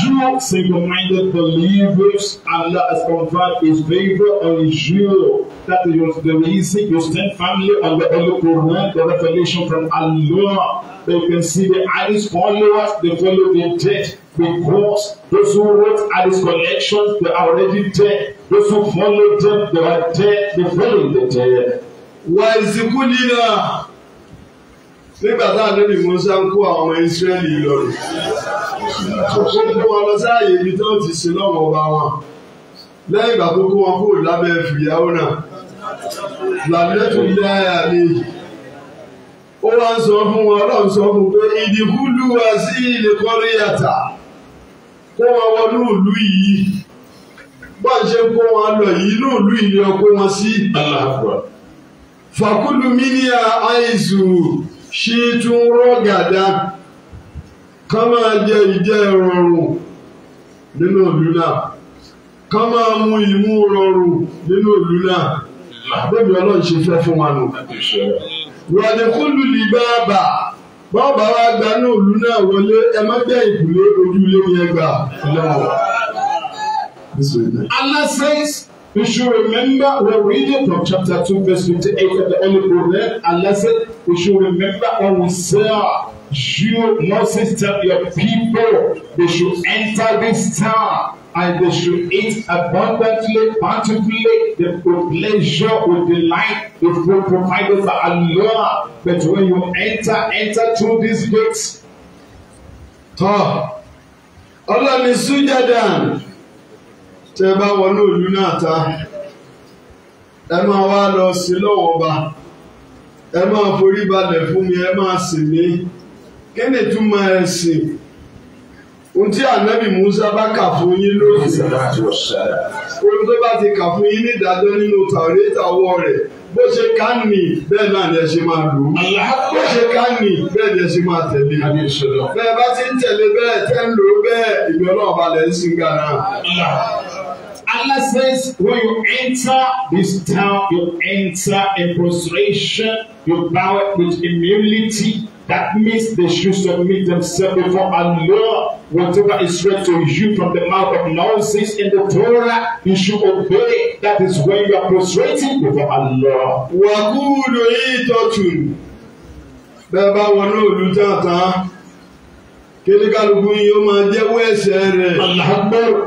you single-minded believers, Allah has conferred His favor on you. That is the reason you stand firmly on the Holy Quran, the revelation from Allah. They can see the highest followers, they follow the dead. Because those who wrote at his collections, they are already dead. Those who followed them, they are dead. They follow the dead. Why is it good لِنَا nígbà tá àdébì Musa ń kó àwọn ọmọ Ísírẹ́lì lọ́rùn ó kó wọn lọ sáàyè ibi tó ti sin lọ́wọ́ ọba wọn lẹ́yìn ìgbà tó kó wọn kúrò lábẹ́ fìyàwó náà làbẹ́tù yáyà ni ó wá ń sọ fún wọn ọlọ́run sọ fún pé ìdìkúlù wá sí ìdíkọ́rí yàtà kó wọn wọnú ìlú yìí bá ń ṣe kó wọn lọ yìí inú ìlú yìí ni wọn kó wọn sí. fàkúlù mí ní àìsùn ṣí tún rọ́gàdá ká máa jẹ ìjẹ ìrọ̀rùn nínú ìlú náà ká máa mú ìmú rọrùn nínú ìlú náà bẹ́ẹ̀ni ọlọ́run ṣe fẹ́ fún wa nù. wàdìkúlù lè bá a bà bọ́ọ̀bà wa gba ní ìlú náà wọlé ẹ má gbẹ́ ìbùlé ojúlé yẹn gbà lọ́wọ́. Allah says. We should remember, we're reading from chapter two, verse twenty-eight of the Holy Bible, and let's say, we should remember when we saw ah, you, Moses, tell your people they should enter this town and they should eat abundantly, bountifully, they will pleasure, will delight, the food provided by Allah. But when you enter, enter through these gates. Tọ́, ọlọ́ni Sújádàn tẹ́ bá wọnú ìlú náà ta ẹ máa wá lọ sí lọ́wọ́ ọba ẹ máa forí balẹ̀ fún mi ẹ máa sìn mí kí ni túmọ̀ ẹ̀sìn ohun ànábì Musa bá kà fún yín lófin ohun tó bá ti kà fún yín nídàájọ́ nínú tàwérétà ọwọ́ rẹ̀ bó ṣe ká nì bẹ́ẹ̀ náà ni ẹ ṣe máa lò bó ṣe ká nì bẹ́ẹ̀ ni ẹ ṣe máa tẹ̀lé bẹ́ẹ̀ bá ti ń tẹ̀lé bẹ́ẹ̀ tẹ́ ń lò bẹ́ẹ̀ ìlú ọlọ́ọ̀ba lẹ̀ ń sìn gbà Allah says, when you enter this town, you enter in prostration, you bow with humility, That means they should submit themselves before Allah. Whatever is read to you from the mouth of Moses in the Torah, you should obey. That is when you are prostrating before Allah. Wàkúùdù yìí tọ́tù. Bẹ́ẹ̀ bá wọnú òlu tààtà. kálukú yìí ó máa jẹ́wọ́ ẹ̀ṣẹ̀ rẹ̀. Aláàbọ̀rọ̀.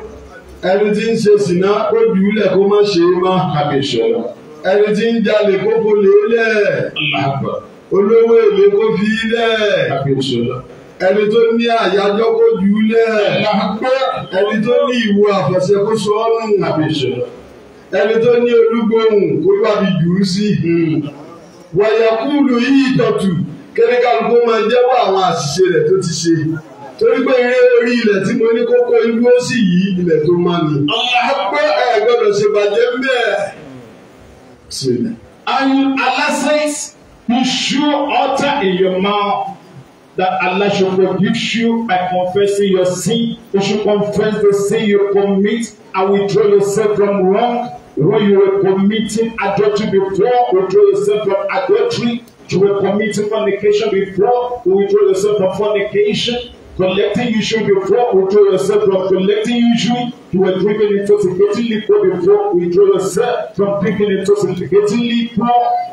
Ẹni tí ń ṣe sìná ó dùúlẹ̀ kó má ṣe é má. Kábíyèsí ọ̀la. Ẹni tí ń jalè kó kó lè lẹ̀. Aláàbọ̀rọ̀ olówó èlé kó fi lẹ̀ ẹni tó ní àyájọ́ kó jù ú lẹ̀ ẹni tó ní ìwo àfẹsẹ̀ kó sọ ọ́ nù ẹni tó ní olúgbòhùn kó bá fi jù ú sí hmm. wàyàkúlù yìí tọ̀tù kẹ́ríkàlùkù máa jẹ́wọ́ àwọn àṣìṣe rẹ̀ tó ti ṣe torí pé eré orí ilẹ̀ tí mo ní kókó ibú ó sì yí ilẹ̀ tó máa ní. ọ̀pẹ́ ẹ̀ gbọ́dọ̀ ṣe bàjẹ́ bẹ́ẹ̀. alásẹ́sì. Be sure utter in your mouth that Allah should produce you by confessing your sin. You should confess the sin you commit and withdraw yourself from wrong. When you were committing adultery before, withdraw yourself from adultery. You were committing fornication before, withdraw yourself from fornication. Collecting usury before withdraw yourself from collecting usury. You were drinking intoxicating liquor before withdraw yourself from drinking intoxicating liquor.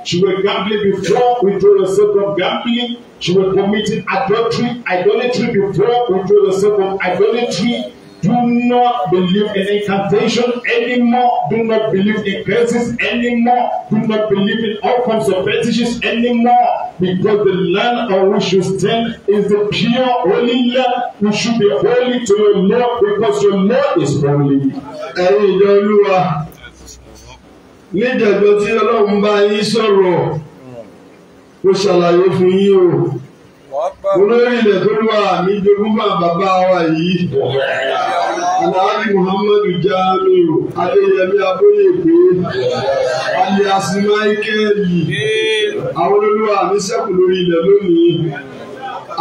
You were gambling before withdraw yourself from gambling. You were committing adultery, idolatry before withdraw yourself from idolatry. Do not believe in incantation anymore. Do not believe in curses anymore. Do not believe in all kinds of fetishes anymore. Because the land on which you stand is the pure, holy land. You should be holy to your Lord because your Lord is holy. níjẹ̀jọ́ tí Ọlọ́run bá yín sọ̀rọ̀, ó ṣàlàyé fún yín o olórí ilẹ̀ tó lù wá mi bàbá wa yìí aláàbí muhammadu jamiu adéyẹmí abóyègbé aliasi máikẹ́ẹ̀lì àwọn olólùwà mi ṣẹ́kù lórí ilẹ̀ lónìí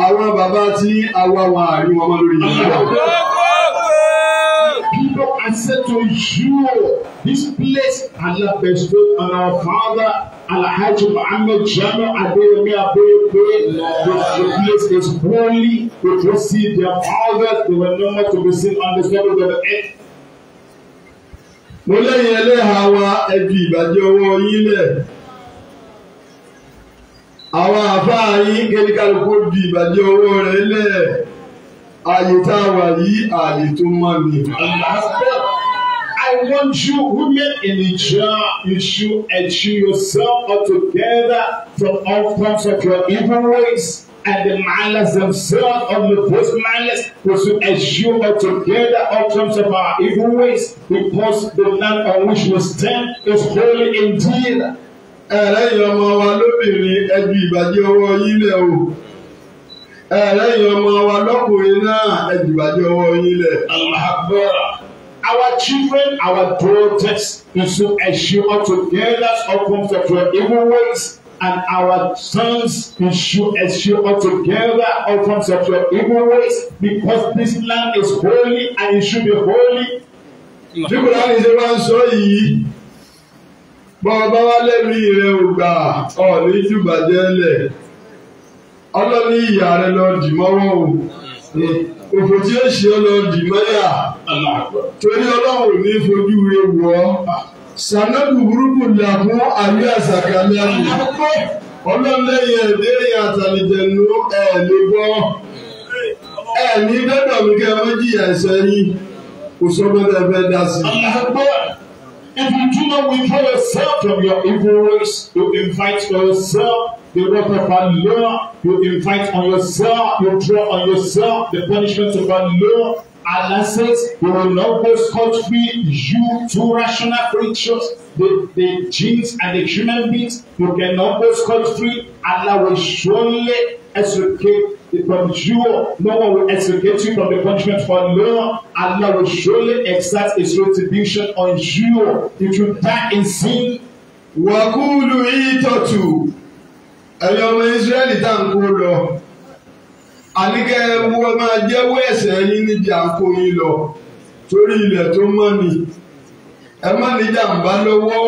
àwọn bàbá tí àwa wà ní wọn má lórí ilẹ̀. People are said to you, this place and Allah bestowed on our father Alhaji Muhammad Jami Adeyemi Aboyepe, the place is holy. They received their fathers. They were no more to be seen on the surface of the earth. Mo lẹ́yìn ẹlẹ́hàá wa ẹbí ìbàjẹ́ ọwọ́ yín lẹ̀. Àwọn àfáà yín kéríkàlùkù di ìbàjẹ́ ọwọ́ rẹ̀ lẹ̀. Àyè tá a wà yìí àyè tó mọ̀ nìyí. I want you women in the church, you should achieve yourself altogether from all forms of your evil ways. And the malice themselves of the post malice we should eschew altogether all forms of our evil ways because the land on which we stand is holy indeed. ẹlẹ́yìn ọmọ wa lóbìnrin ẹbí ìbàjẹ́ ọwọ́ yín lẹ̀ o ẹlẹ́yìn ọmọ wa lọ́kùnrin náà ẹbí ìbàjẹ́ ọwọ́ yín lẹ̀. Allahu Akbar our children, our daughters, into ensure together upon sexual evil ways, and our sons ensure ensure together upon sexual evil ways, because this land is holy and it should be holy. Bíbélà ní ṣe wá ń sọ yìí, bọ́ọ̀bá wá lẹ́nu rẹ̀ ò gbà ọ̀ ní jùbàjẹ́ lẹ̀, ọlọ́ni ìyá rẹ̀ lọ dì mọ́wọ́ o òfò tí ó ṣe ọ lọ dì torí ọlọ́run ní fojú rẹ wọ́ sanadu burúkú làkún àbí àṣàkálẹ̀ àbí ọlọ́lẹ́yìn ẹ̀dẹ́rẹ́ àtàlìjẹ̀nu ẹ̀ lè gbọ́ ẹ̀ ní dọ́dọ̀ mi kẹ́ méjì ẹ̀ṣẹ̀ yìí kò sọ pé bẹ́ẹ̀ bẹ́ẹ̀ dá sí. If you do not withdraw yourself from your influence, you invite yourself The wrath of Allah you invite on yourself, you draw on yourself the punishment of Allah. Allah says, He will not go scot free, you two rational creatures, the, the jinns and the human beings, you cannot go scot free. Allah will surely extricate from you. No one will extricate you from the punishment for Allah. Allah will surely exact His retribution on you if you die in sin. Wàkúlù ìtọ̀tù. ẹ̀yin ọmọ Ísírẹ́lì tá à ń kó lọ àníkẹ́ ẹwọ́ máa jẹ́wọ́ ẹ̀ṣẹ̀ yín níbi à ń kó lọ torí ilẹ̀ tó mọ́ ni ẹ má lọ́wọ́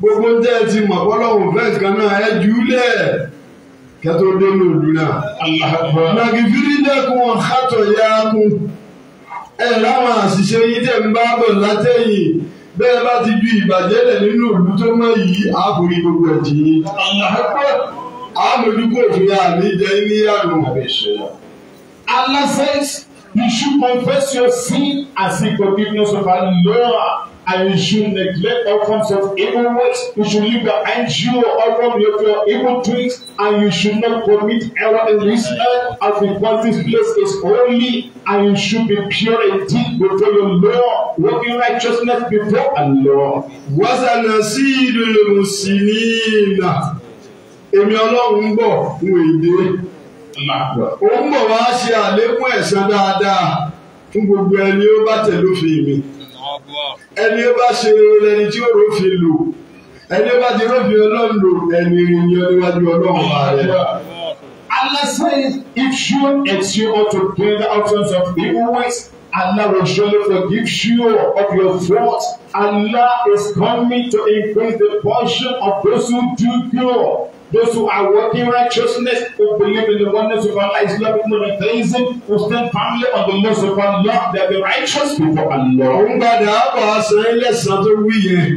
gbogbo tẹ́ ẹ ti mọ̀ fọlọ́hùn fẹ́ẹ̀ kan náà ẹ òdu náà nàgìfìrí ọ̀hátọ̀ bẹ́ẹ̀ bá ti ju ìbàjẹ́ lẹ̀ nínú ìlú tó mọ̀ yìí àbòrí gbogbo ẹ̀jì yìí. àmójúkò òfin àmì jẹ́ ní àrùn. Allah says you should confess your sin and seek forgiveness of Allah and you should neglect all forms of evil works. You should leave behind you all forms your evil deeds, and you should not commit error in this earth, as because this place is holy, and you should be pure indeed before your Lord, walking righteousness before the Lord. Wazanasidu lmusinina. Èmi Ọlọ́run ń bọ̀ fún èdè. Ó bọ̀ wá ṣe àlékún ẹ̀san dáadáa fún gbogbo ẹni ó bá tẹ̀lófin mi ẹni ó bá ṣe lẹni tí ó rófin lò ẹni ó bá ti rófin ọlọ́run lò ẹni rìn ní ọlọ́run bá rẹ̀. Allah says, if you adhere to pay the outcomes of evil ways, Allah will surely forgive you of your faults. Allah is coming to increase the portion of those who do good. Those who are working righteousness, who believe in the oneness of Allah, Islam, monotheism, who stand firmly on the laws of Allah, they are the righteous before Allah. Òun gbàdá àbọ̀ àṣẹ ẹlẹ́sàn tó wí yẹn.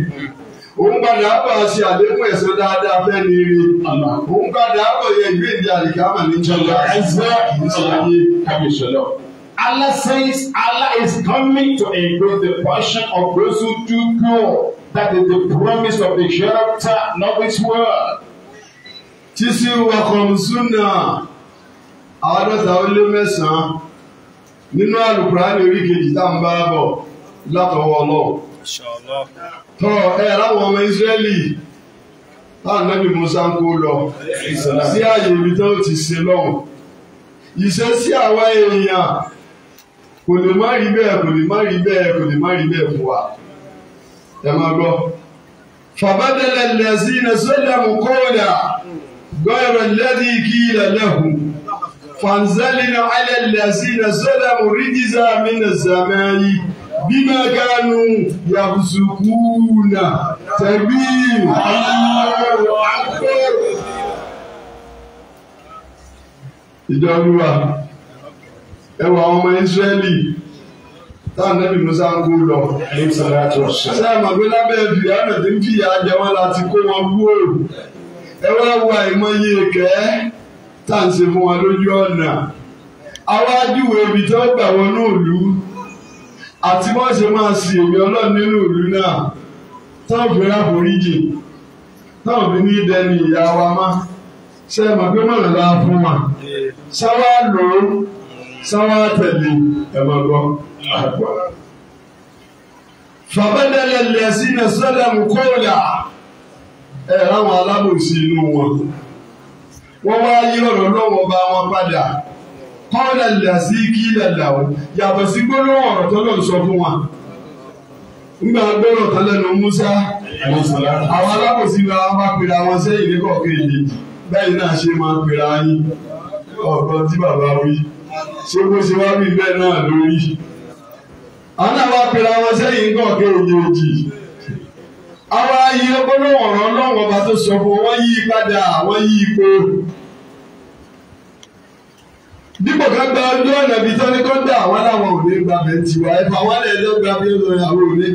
Òun gbàdá àbọ̀ àṣẹ àlékún ẹ̀sán dáadáa fẹ́ ní rí. Òun gbàdá àbọ̀ yẹ ìwé ìdí àlìkámà ní Jọlá. Ẹ̀sán ìṣàlàyé kábíyèsọ̀lọ́. Allah says Allah is coming to increase the portion of those who do good. That is the promise of the hereafter, not this world tísí wakọ̀mùsúnà àádọ́ta ó lé mẹ́sàn-án nínú àlùkùránì orí kejì tá ń bá bọ̀ látọwọ́ ọlọ́run tọ́ ẹ láwọn ọmọ Ísírẹ́lì táwọn náà bí Musa ń kó lọ sí ààyè ibi tó ti ṣe lọ́hùn ìṣe sí àwa èèyàn kò lè má rí bẹ́ẹ̀ kò lè má rí bẹ́ẹ̀ kò lè má rí bẹ́ẹ̀ fún wa ẹ máa gbọ́ fàbádẹ́lẹ̀ lẹ́sìn ẹ̀sọ́lẹ̀ mú kọ́ọ̀dà. غير الذي قيل له فانزلنا على الذين ظلموا رجزا من السماء بما كانوا يفسقون تبين الله أكبر ìjọba ẹwà ọmọ Ísírẹ́lì táwọn nẹ́bí Musa ń kó lọ ní sàmàgbé lábẹ́ ìfìyà rẹ̀ tí ń fìyà jẹ wọn láti kó wọn kúrò ẹ wá wo àìmọye ìkẹ́ tá à ń ṣe fún wa lójú ọ̀nà àwa júwe ibi tí wọ́n gbà wọnú ìlú àti wọ́n ṣe máa sì èmi ọlọ́run nínú ìlú náà táwọn fi rà táwọn fi ní dẹni ìyá wa má ṣe é mọ̀ mọ̀nà la fún wa ṣáwá lò ó ṣáwá tẹ̀lé ẹ̀ gbọ́ àgbọ̀. فبدل الذين ظلموا قولا ẹ ráwọn alábòsí inú wọn wọ́n wá yí ọ̀rọ̀ lọ́wọ́ bá wọn padà kọ́ńdà lìlà sí kí lẹ́là o yàtọ̀ sí ọ̀rọ̀ tó sọ fún wa nígbà gbọ́dọ̀ kan na Musa àwọn alábòsí bá bá pèrè àwọn sẹ́yìn ní kọ̀ọ̀kan èdè náà ṣe máa pèrè ayé tí bàbá wí ṣé ṣe wá bẹ́ẹ̀ náà lórí àwọn àwọn sẹ́yìn ara yí ọgbọ́nọ̀wọ̀n ọlọ́run ọba tó sọ fún wọn yí padà wọn yí ipò. dípò ká gba ọjọ́ ọ̀nà bíi tọ́ni wọn àwọn ò gba bẹ́ẹ̀ ẹ̀fọ́ àwọn gba ò gba bẹ́ẹ̀ ìyàwó ní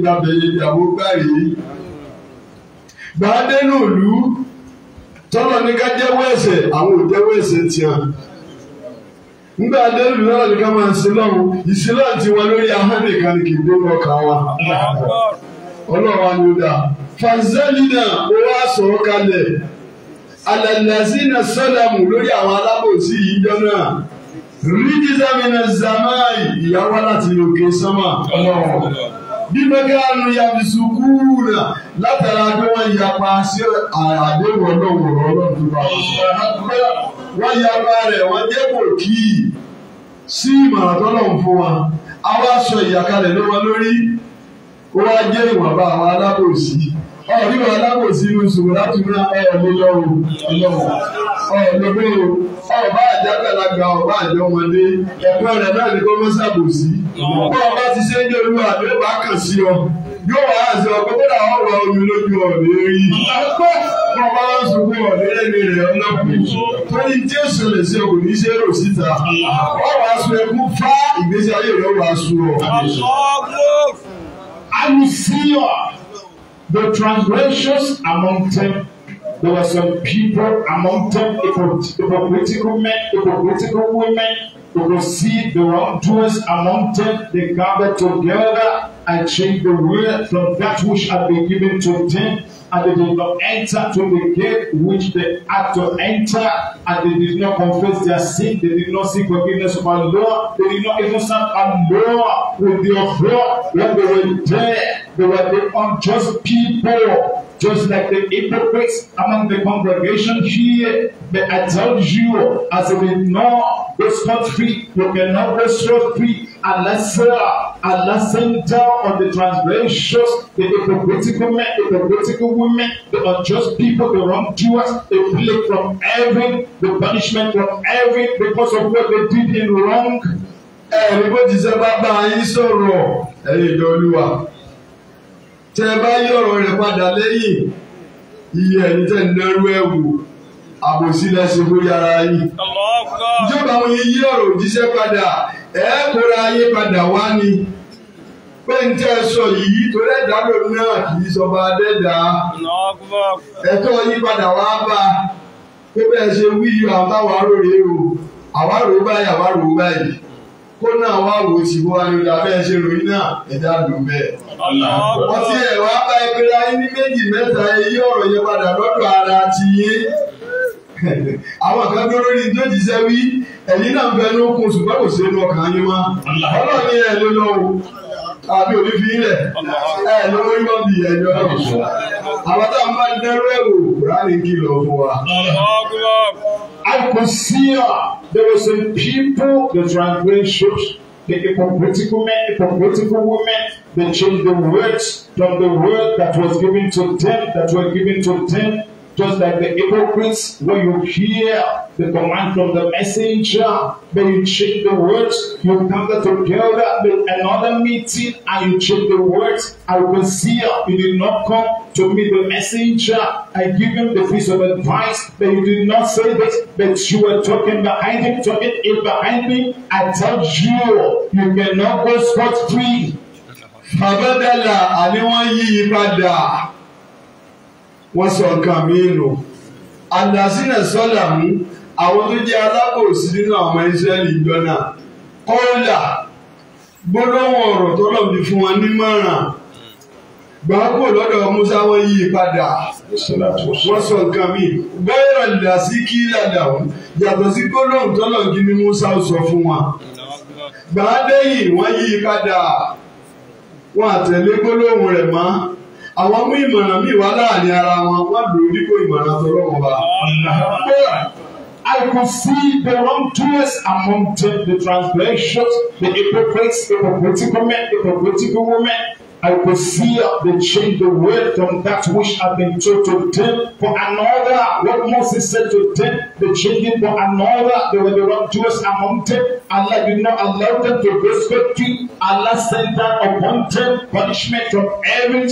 ká jẹ́wọ́ àwọn ò jẹ́wọ́ tiẹ̀ nígbà náà ní ká máa lórí ahọ́n nìkan fanzalina ó wá sọ̀rọ̀ kalẹ̀ alalazina sọdàmù lórí àwọn alábòsí yìí jọ́nà rídísàmìnà zamai ìyàwó láti òkè sánmà bíbẹ́gánu yabisukúrúnà látara pé wọ́n yapa sí àdéhùn ọlọ́wọ̀ ọlọ́run tó bá wọ́n yapa rẹ̀ wọ́n jẹ́ kò kí sí ìmọ̀ràn tọ́lọ́run fún wa àwa sọ ìyàkalẹ̀ ló lórí ó wá ìwọ̀nba àwọn alábòsí ẹ̀rí wọn lábòsí oṣù láti ná ẹ̀rí lọ́wọ́ ọlọ́wọ́ ọ̀lọ́gbẹ́ o ọba àjàgbàlagbà ọba àjọ ọmọdé ẹ̀kọ́ rẹ̀ náà ní kọ́mọ́ sàbòsí bọ́ ọba ti ṣe ń dẹrù àbí ọba kàn sí ọ yóò wá àṣẹ ọkọ kódà wọn wọ omi lójú ọ̀rẹ́ rí ọba wọn sọ pé ọ̀rẹ́ ẹni rẹ̀ ọlọ́kùnrin torí jésù lè ṣe kò ní ṣe rò síta wọ́n aṣọ ẹkú fá ìgbésí ayé rẹ̀ wọ́n aṣọ ọ̀. I will see you the transgressions among them. There were some people among them, hypocritical men, hypocritical women, who received the wrongdoers among them. They gathered together and changed the word from that which had been given to them and they did not enter to the gate which they had to enter, and they did not confess their sin, they did not seek forgiveness of our Lord, they did not even stand and alone with the uproar when they were there. They were the unjust people. Just like the hypocrites among the congregation here, but I tell you, as we know, go scot free, we cannot restore scot free unless uh, Allah sent down on the transgressors, the hypocritical men, the hypocritical women, the unjust people, the wrongdoers, the plague from heaven, the punishment from heaven because of what they did in wrong. Ẹ̀rí bó ti ṣe bàbá yín sọ̀rọ̀ ẹ̀yìn ìjọ olúwa. Tẹ́ bá yí ọ̀rọ̀ rẹ̀ padà lẹ́yìn, iye ẹ̀yìn tẹ̀ ń dẹ́rú ẹ̀ wò àbòsí lẹ́sìn lórí ara yìí. Ìjọba àwọn yìí yí ọ̀rọ̀ òjíṣẹ́ padà, ẹ̀ẹ́ kóra ayé padà wá ni. pé sọ yìí torí ẹ̀dá lórí náà kì í sọba adẹ́dá. ẹ̀tọ́ yìí padà wá bá a pé bẹ́ẹ̀ ṣe wí àbáwá rèé o àwárò báyìí àwárò báyìí kó náà wá wò sí wọ́n ayọ̀dà bẹ́ẹ̀ ṣe náà ẹ̀dá bẹ́ẹ̀. wọ́n ti ẹ̀ wá bá ẹgbẹ́ láyé ní méjì mẹ́ta ara ti àwọn kan dúró wí náà ń bẹ ní okùn àbí òní ẹ lówó yín máa ń bi ẹjọ́ máa ń dẹ́rù ẹ̀wò rárá ìkìlọ̀ fún wa. I could see her. Uh, there was a people, the transgressions, the hypocritical men, hypocritical women, they changed the words from the word that was given to them, that were given to them Just like the hypocrites, when you hear the command from the messenger, then you change the words, you gather together with another meeting and you change the words. I will see you. You did not come to meet the messenger. I give him the piece of advice, but you did not say this, but you were talking behind him, talking in behind me. I tell you, you cannot go scot free. Àbẹ̀dàlà àní wọ́n yí i padà wọ́n sọ nǹkan míì lò àdásínà sọ́là mú àwọn tó jẹ́ alábòsí nínú àwọn Ísírẹ́lì ìjọ náà kọ́ńdà gbólóhùn ọ̀rọ̀ tó lọ́n fi fún wọn nímọ̀ràn gbàgbó lọ́dọ̀ Musa wọ́n yí padà wọ́n sọ nǹkan míì gbẹ́rọ̀ ìdásí kí ládà wọn yàtọ̀ sí gbólóhùn tó lọ́n kí ni Musa sọ fún wọn gbàdéyìn wọ́n yí padà wọ́n àtẹ̀lé gbólóhùn rẹ̀ mọ́ àwọn mú ìmọ̀ràn míì wá láàrin ara wọn wọ́n lò dípò ìmọ̀ràn tọ́lọ́wọ́n bá. I could see the wrongdoers among them, the translations, the hypocrites, the hypocritical men, the hypocritical women. I could see they changed the word from that which had been told to them for another. What Moses said to them, they changed it for another. They were the wrongdoers among them. Allah did not allow them to go swiftly. Allah sent down upon them punishment from heaven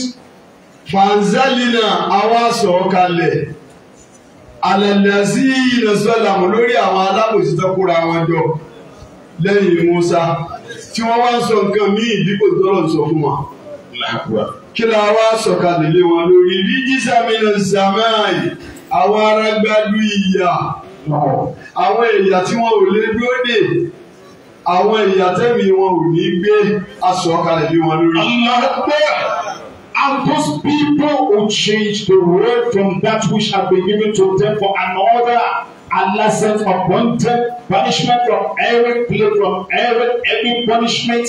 fanzalina awa sọ̀kalẹ̀ alẹ́lẹ́sí ìnàsọ́làmù lórí àwọn alábòsítọ́ kóra wọn jọ lẹ́yìn Musa tí wọ́n wá ń sọ nǹkan míì dípò tọ́lọ̀ sọ fún wa kí la wá sọ̀kalẹ̀ lé wọn lórí rígísàmìnà sàmáì àwọn arágbádú ìyà àwọn ẹ̀yà tí wọn ò lè dúró àwọn ẹ̀yà tẹ́mi wọn ò ní gbé aṣọ kalẹ̀ wọn lórí. And those people who change the word from that which had been given to them for another. Allah sent upon punishment from every plague, from every every punishment.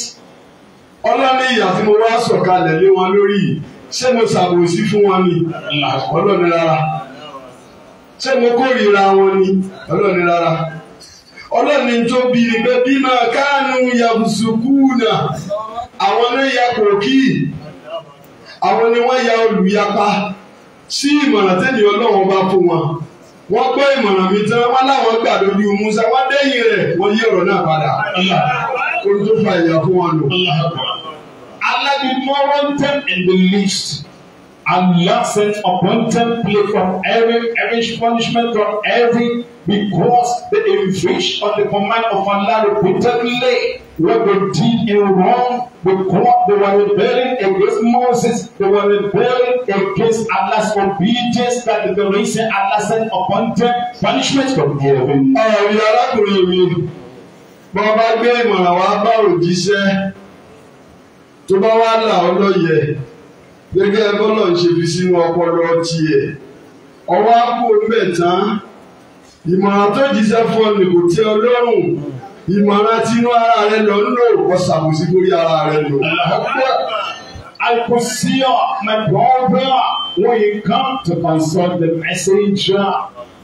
Ọlọ́run ìyà tí mo wá sọ̀kalẹ̀ lé wọn lórí yìí, ṣé mo ṣàbòsí fún wọn ni? Ọlọ́run rárá. Ṣé mo kórìíra wọn ni? Ọlọ́run rárá. Ọlọ́run tó bí ni bí máa káànù yàgùsùkúùnà, àwọn ló yà kò kíì àwọn ni wọ́n ya olùyapa sí ìmọ̀ràn tẹ́lẹ̀ ọlọ́run bá fún wọn wọ́n gbọ́ ìmọ̀ràn mi tán wọ́n láwọn gbà lójú Musa wọ́n dẹ́yìn rẹ̀ wọ́n yí ọ̀rọ̀ náà padà ohun tó fa ìyà fún wọn lò. Allah demolished them in the list and last sent upon them play from every every punishment for every because they infringed on the command of Allah repeatedly what they did a wrong because they were rebelling against Moses, they were rebelling against Allah's obedience that the reason Allah sent upon them punishment from heaven. Ọ̀rọ̀ arákùnrin mi, bọ́ bá gbé ìmọ̀ràn wá bá òjíṣẹ́ tó bá wá là ọ́ lóye gẹ́gẹ́ bọ́lọ̀ ń ṣe fi sínú ọpọlọ tiẹ̀ ọwọ́ á kú omi ìmọ̀ràn tó jíṣẹ́ fún ọ kò tẹ́ ọ lọ́rùn ìmọ̀ràn tinú ara rẹ lọ ń lò kó ṣàbòsí lórí ara rẹ lò. I could see uh, my brother when he come to consult the messenger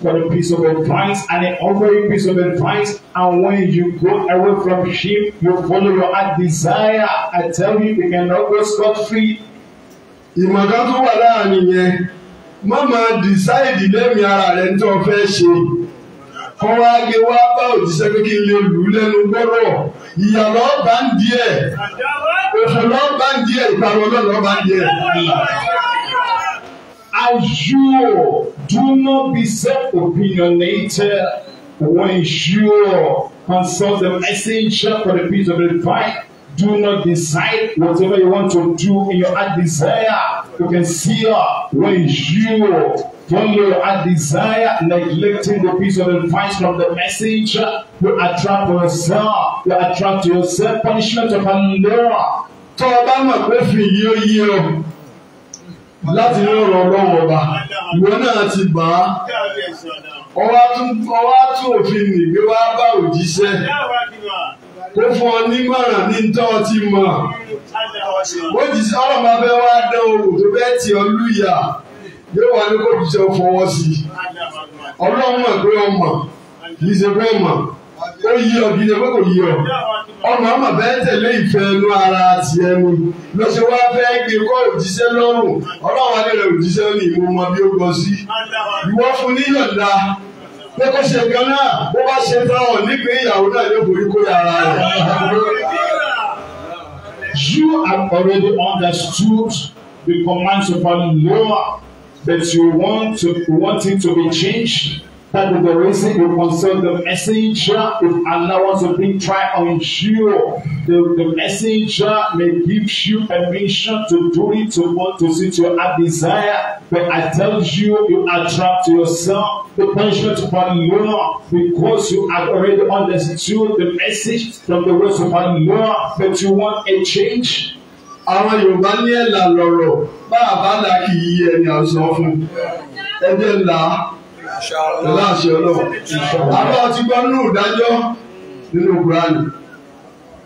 for the piece of advice and an offering piece of advice. And when you go away from sheep, you follow your heart desire. I tell you, you cannot go scot free. Ìmọ̀gá tó wà láàrin yẹn, má máa dìsáìdì lẹ́mìí ara rẹ̀ ń tó fẹ́ ṣe kọ́ wá wá bá òjíṣẹ́ pé kí n lè lù ú lẹ́nu gbọ́rọ̀ ìyàlọ́ bá ń di ẹ̀ òṣèlú bá ń di ẹ̀ ìparun ọlọ́run bá ń di ẹ̀. As you do not be self-opinionated when you consult the messenger for the peace of the divine. Do not decide whatever you want to do in your heart desire. You can see her uh, when you When you are desire, neglecting the piece of advice from the message, you attract yourself, you attract yourself punishment of a Tó o bá mọ̀ pé fi yí ó yí o láti ní ọ̀rọ̀ ọlọ́wọ́ ọba, ìwọ náà ti bá a. Ọwá tún òfin nìgbé wá bá òjíṣẹ́ kó fún ọ nímọ̀ràn ní ntọ́ ti mọ̀. Òjíṣẹ́ ọlọ́mọ abẹ́ dán owó tó bẹ́ẹ̀ tì ọ lùyà yóò wá ní kó jíjẹ fọwọ́ sí i ọlọ́run mọ̀ pé ọmọ yìí ṣe fẹ́ mọ̀ ó yí ọ kì ṣe pé kò yí ọ ọmọ ọmọ bẹ́ẹ̀ tẹ̀lé ìfẹ́ ẹnu ara ti ẹnu ló wá fẹ́ gbé kọ́ òjíṣẹ́ lọ́rùn ọlọ́run alẹ́ rẹ̀ òjíṣẹ́ ní ìwọ ọmọ bí ó gbọ́ sí ìwọ fún níyọ̀ǹda pé kó ṣe gan náà bó bá ṣe tán ọ nígbè ìyàwó náà yóò borí kó yàrá rẹ̀. You have already understood the commands of Allah that you want to want it to be changed. That is the reason you concern the messenger. If Allah wants to try on you, the, the messenger may give you permission to do it, to want to see to your desire. But I tell you, you are trapped to yourself. The punishment of Allah, because you have already understood the message from the words of Allah, but you want a change. Àwọn Yorùbá ní ẹ̀là lọ̀rọ̀. bàbá là kì í yẹ ni àṣọ fún ẹjẹ là pẹ̀lú àṣẹ àbá ti gbọ́ nínú nínú kúránì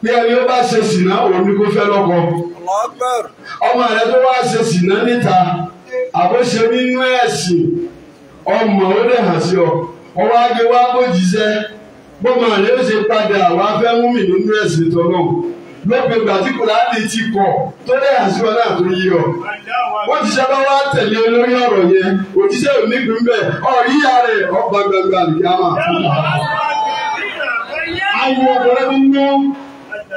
pé ẹni ó bá ṣe sìnà òun ni kò fẹ́ lọ́kọ. ọmọ rẹ tó wá ṣe sìnà níta àbóṣe nínú ẹ̀sìn ọmọ ó lè hàn sí ọ rẹ ó ṣe padà wá fẹ́ mú nínú lópin ìgbà tí kùránì ti kọ̀ tó dẹ̀ àṣìwọ́ tó yí ọ. wọ́n ti ṣẹ́bá wá tẹ̀lé lórí ọ̀rọ̀ yẹn òjíṣẹ́ onígun bẹ́ẹ̀ ọ̀rí ìyá rẹ̀ ọgbà gbàgbà àlùkìyàmà. Ayọ̀ ọ̀rẹ́ mi know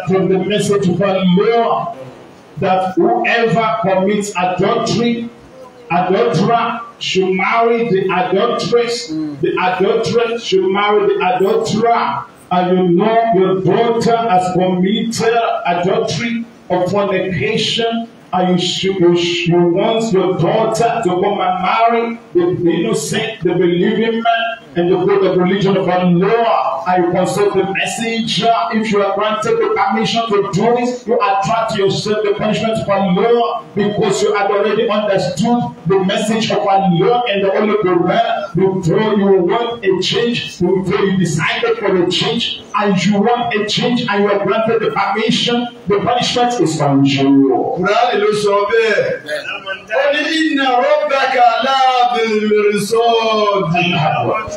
from the message from Leo that whoever commits adultery adulterer should marry the adulteress, mm. the adulteress should marry the adulterer. Are you know your daughter has committed adultery or fornication, Are you, should, you, you want your daughter to come and marry the innocent, the believing man and you go the religion of Allah I consult the messenger, if you are granted the permission to do this, you attract yourself the punishment of Allah because you had already understood the message of Allah and the Holy Quran. before you want a change, before you decided for a change, and you want a change, and you are granted the permission, the punishment is on you. Kùránì ló sọ bẹ́ẹ̀. Ó ní ìnáwó bẹ́ẹ̀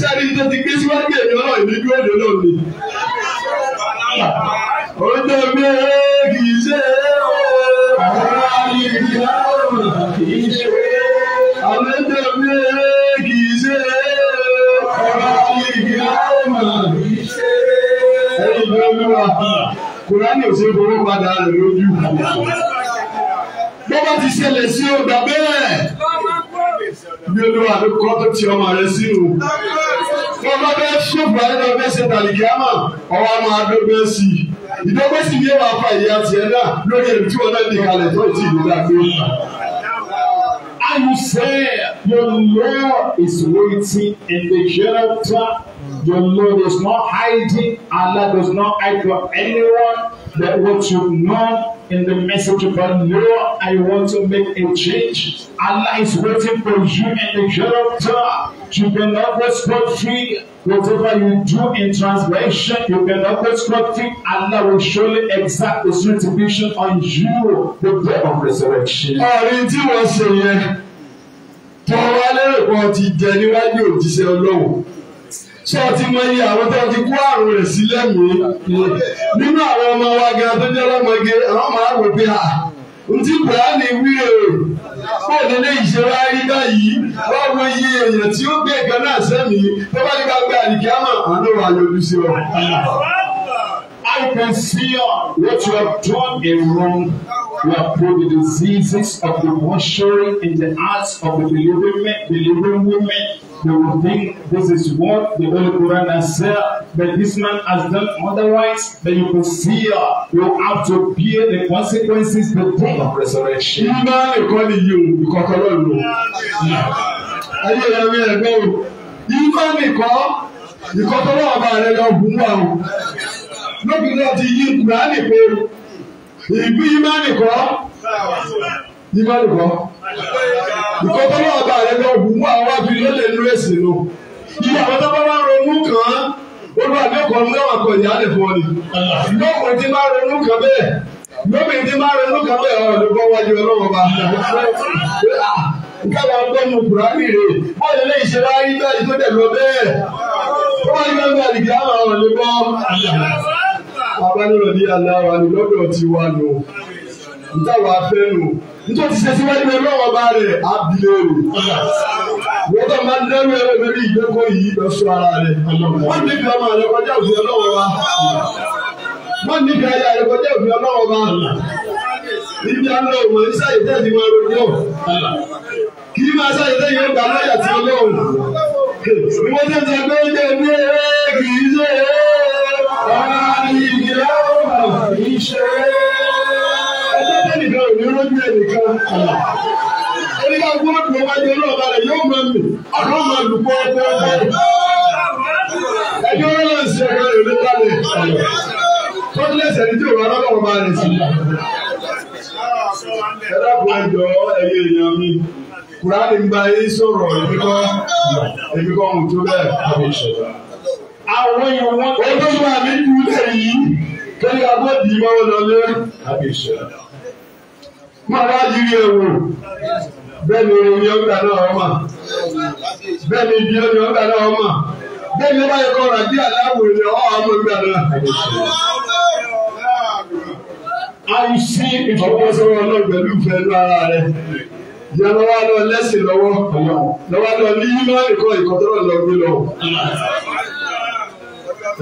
sẹ́ni tó ti gbé síwájú èmi ọlọ́run ní dúró dé lónìí. Oúnjẹ mi kì í ṣe àwọn àlejò àwọn kì í ṣe. Àlejò mi kì í ṣe àwọn àlejò àwọn kì í ṣe. Ẹyin ló ń wá. Kùránì ò ṣe fowó padà rẹ̀ lójú. Bọ́lá ti ṣẹlẹ̀ sí ọgbà bẹ́ẹ̀. Bí olúwa ló kọ́ tó ti ọmọ rẹ sínú wọn bá bẹ ṣòfò ayé bẹ ṣe tàlìkì àmà ọwọ́ àmà àdógbé sí i ìdógbé sì ní ìwà àfa ìyá tiẹ̀ náà lórí èyí tí wọn náà ní kalẹ̀ tó ti ìlú náà gbé. And you say your Lord is waiting in the shelter. Your Lord is not hiding. Allah does not hide from anyone. That what you know in the message of God, Lord, I want to make a change. Allah is waiting for you in the shelter. You cannot always quote free whatever you do in translation. You cannot always quote free. Allah will surely exact His retribution on you the day of resurrection. Ọ̀rẹ́ tí wọ́n ṣe yẹn tó wá lérò kan ti jẹ níwájú òjíṣẹ́ Ọlọ́run. Sọ ti mọ iye àwọn tó ti kó àrùn rẹ̀ sí lẹ́mìí. Nínú àwọn ọmọ wa gan tó jẹ́ ọlọ́mọge, àwọn máa wò pé à ń tí Kùránì wí rè bóòdù ní ìṣẹ́wá rí báyìí wọ́n wo èèyàn tí ó gbé ìkan náà sẹ́mi tó bá ní ká gbé àdìgẹ́ àmọ́ àánú wa yọjú sí ọ. I can see what you have done in wrong. You have put the diseases of the washing in the hearts of the believing believing women they will think this is what the Holy Quran has said, but this man has done otherwise, then you could see uh, you have to bear the consequences the day of resurrection. Nígbà nìkan ni yìí o, ìkọ̀kọ̀rọ̀ lò. Ayé ẹ̀rí ẹ̀gbẹ́ o, nígbà nìkan ìkọ̀kọ̀rọ̀ ọba rẹ̀ lọ bùn wà o. Lóbi náà ti yí Kùránì pé ìbí ìmá nìkan ní má lè kọ́. Ìkọ́ tó náà bá rẹ̀ lọ́ọ́ gùn mú àwọn wájú ló lè lu èsì lò. Iye àwọn tó bá wá ronú kàn án, olú àdékọ̀ náà kọ̀ ìyá lè fọ́ ni. Lọ́kùnrin ti máa ronú kàn bẹ́ẹ̀. Lóbìnrin ti máa ronú kàn bẹ́ẹ̀ ọ̀rọ̀ ló bọ́ wájú ọlọ́wọ́ bá. Nkálà ọgbọ́nu Kùránì rè bọ́ọ̀lù lè ṣe láyé bẹ́ẹ̀ tó dẹ̀ lọ bẹ́ẹ̀. Wọ́n yọ ní àlìkí àwọn ọ̀rọ̀ lè bọ́. Àbálòrò ní àlà wa ni lọ́dọ̀ ti wà lò ntàwọn afẹ́nu nítorí ti ṣe síwájú ọlọ́wọ́ bá rẹ̀ abilé rẹ̀ wọ́n tó máa ń dẹ́rù ẹ̀rọ lórí ìjókòó yìí lọ sọ ara rẹ̀ wọ́n ní bí ọmọ rẹ̀ kọjá òfin ọlọ́wọ́ wa wọ́n ní bí aya rẹ̀ kọjá òfin ọlọ́wọ́ wa níbi àlọ́ ọmọ ìṣàyè tẹ̀lé wọn lójú kì máa ṣàyè tẹ̀lé yóò gbà láyà tí ọlọ́wọ́ ni wọ́n tẹ̀ ń sọ pé ó jẹ́ kọ̀là. Onígbà gbọ́dọ̀ wájú ọlọ́ọ̀bá rẹ̀ yóò máa lò, ọ̀rọ̀ máa lò pọ́ọ́pọ́ọ́pọ́. Ẹjọ́ náà ṣe ọ̀gá rẹ̀ ló kálẹ̀ ìṣẹ̀lẹ̀. Tọ́kílẹ̀sẹ̀ ní tí òun arábọ̀n máa rẹ̀ sí. Ẹ dákun ẹjọ́ ẹ̀yẹ èèyàn mi. Kùránì ń bá yín sọ̀rọ̀ ìbíkọ́ ìbíkọ́ ohun tó bẹ́ẹ̀ àwọn ìṣẹ̀dá. Àwọn ìwọ̀n. Ó tó gbà mí kú lẹ́yìn. Kẹ́lí agbódì máa máa bá ewu bẹ́ẹ̀ omi ọgbà náà ọmọ bẹ́ẹ̀ ibi omi ọgbà náà ọmọ bẹ́ẹ̀ ni yẹ kọ́ ọ̀rọ̀ aláwọ̀ ilẹ̀ ọ̀ ọmọ ọgbà náà. a sí ìfọwọ́sowọ́ náà pẹ̀lú ìfẹ́ inú ara rẹ̀ yẹ lọ́wọ́ lọ lẹ́sìn lọ́wọ́ lọ́wọ́ lọ ní yíná ìkọ́ ìkọ́tọ́rọ̀ lọ gbé lọ.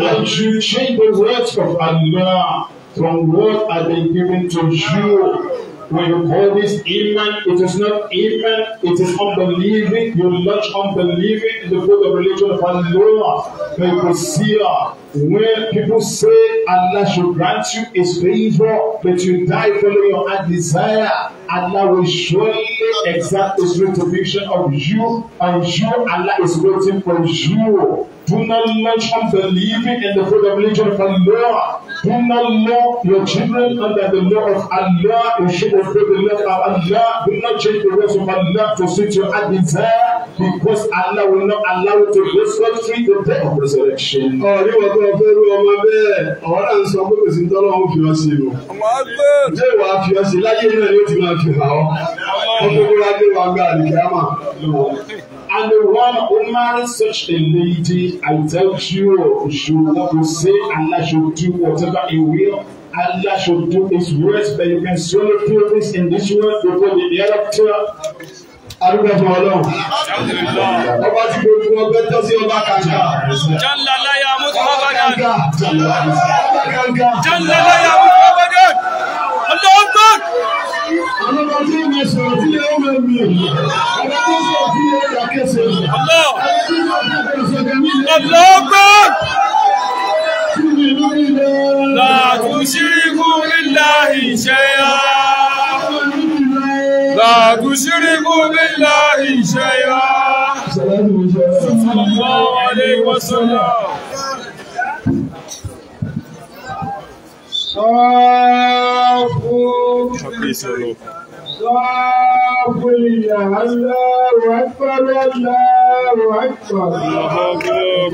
And you change the words of Allah from what have been given to you. When you call this iman, it is not iman, it is unbelieving. You lodge unbelieving in the food of religion of Allah. May you see when people say Allah should grant you his favor, but you die following your own desire, Allah will surely exact his retribution of you, and you, Allah is waiting for you. Do not let unbelieving believe in the food of religion of Allah. Do not love your children under the law of Allah. You should obey the law of Allah. Do not change the ways of Allah to suit your own desire because Allah will not allow you to lose oh, oh, what free the day of resurrection. Ọ̀rí wọ́n tó fẹ́ rú ọmọ bẹ́ẹ̀, ọ̀rọ̀ náà ń sọ pé kò sí tọ́lọ́ òun fi ọ́ sí o. Ṣé ìwà fi ọ́ sí láyé náà yóò ti máa fi hàn ọ́? Ọmọ gbogbo wa gbé wa gbé àlìkẹ́ àmà. And the one who woman such a lady, I tell you, she will say Allah should do whatever he will. Allah should do his words, but you can solely do this in this world before the hereafter. Arúgbó fún Ọlọ́run. Ọba tí gbogbo ọgbẹ́ tọ́ sí ọba kànga. Jalla laya Mustafa Badan. Jalla laya Mustafa Badan. Ọlọ́gbọ́n àwọn ọmọ tí mo sọ̀rọ̀ tí yẹ ọmọ mi àwọn tó صافوا صافوا لله الله أكبر الله أكبر أشهد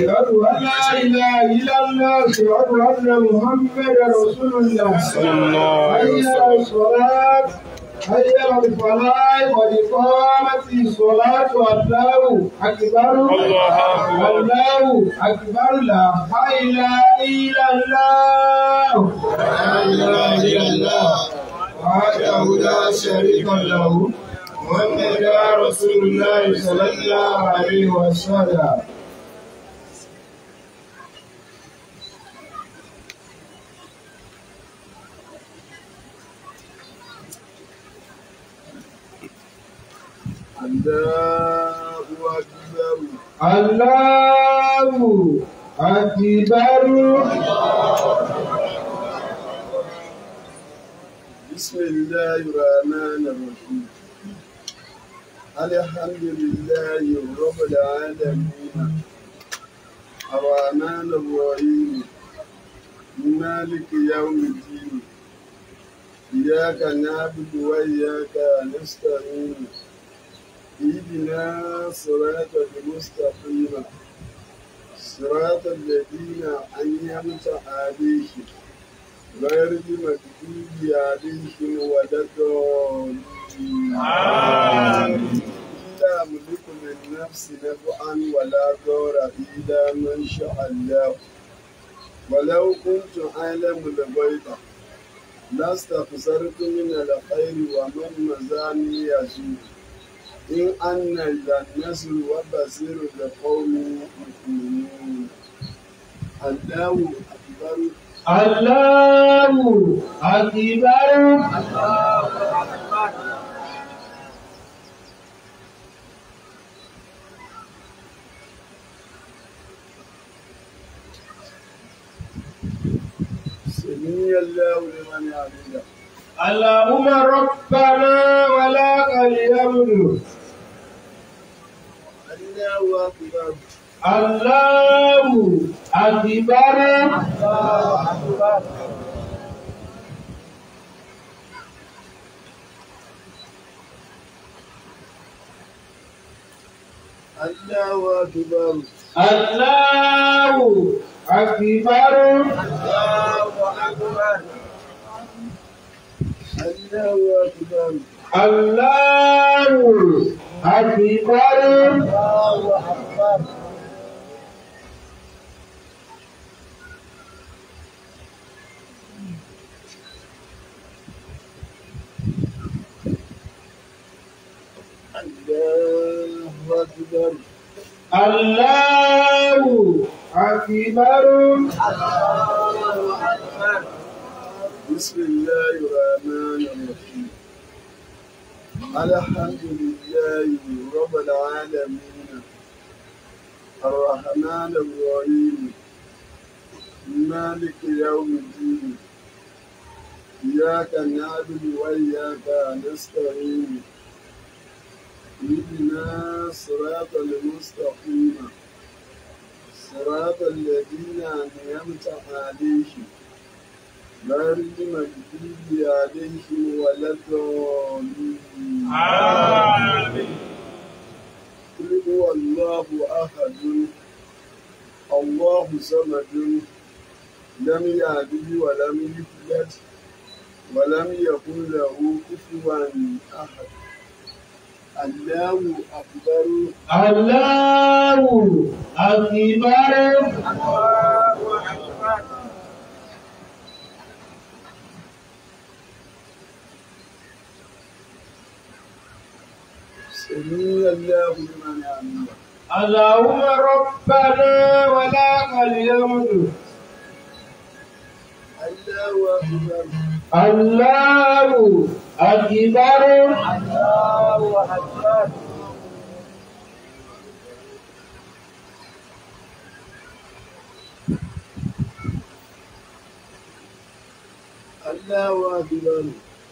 أن لا إله إلا الله أشهد أن محمدا رسول الله صلى الله عليه وسلم حي على الصلاة حي على الفلاح ìfọ̀dìkọ́mẹ́tì ìsọ̀látò àdáwò àkìbárò àdáwò àkìbárò là áìlà ìlàlá. Àìlà ìlàlá, wàhádàwò láṣẹ̀rí kan làwò, wọ́n mẹ́rin rá Rasulullahi sallallahu alaihi wasallam. Aláwù àkìbárú. Bismillahir Rahmanir Rahim. Alhamdulillahi Rabbil Alamin. الرحمن الرحيم مالك يوم الدين إياك نعبد وإياك نستعين اهدنا صراط المستقيم صراط الذين أنعمت عليهم غير المغضوب عليهم ولا الضالين آمين لا ملك للنفس نفعا ولا ضرا إلا ما شاء الله ولو كنت أعلم الغيب لاستخسرت من الخير ومن مزاني يزول إن أنا إلا النذر وبصير لقوم مؤمنون الله أكبر الله أكبر سمي الله لمن يعبده اللهم ربنا ولا الحمد Aláwù àkìbárá. Aláwù àkìbárá. Aláwù àkìbárá. Aláwù àkìbárá. Aláwù àkìbárá. الله أكبر الله أكبر الله أكبر بسم الله الرحمن الرحيم الحمد لله رب العالمين الرحمن الرحيم مالك يوم الدين إياك نعبد وإياك نستعين اهدنا الصراط المستقيم صراط الذين أنعمت عليهم غير المغضوب عليهم ولا الضالين آمين قل هو الله أحد الله صمد لم يلد ولم يولد ولم يكن له كفوا أحد الله أكبر الله أكبر الله أكبر سميع الله لمن حمده اللهم ربنا ولا الحمد الله أكبر الله أكبر الله أكبر الله أكبر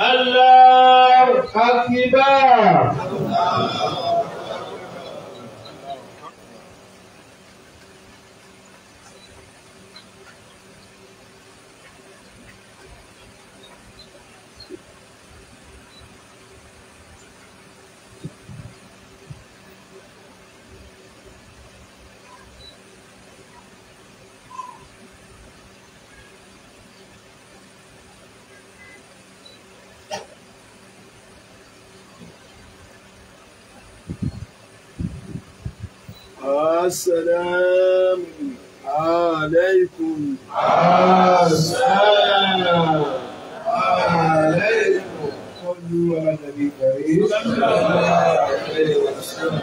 الله أكبر السلام عليكم السلام عليكم صلوا على النبي الكريم صلى الله عليه وسلم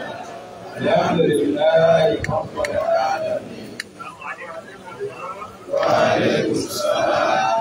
الحمد لله رب العالمين وعليكم السلام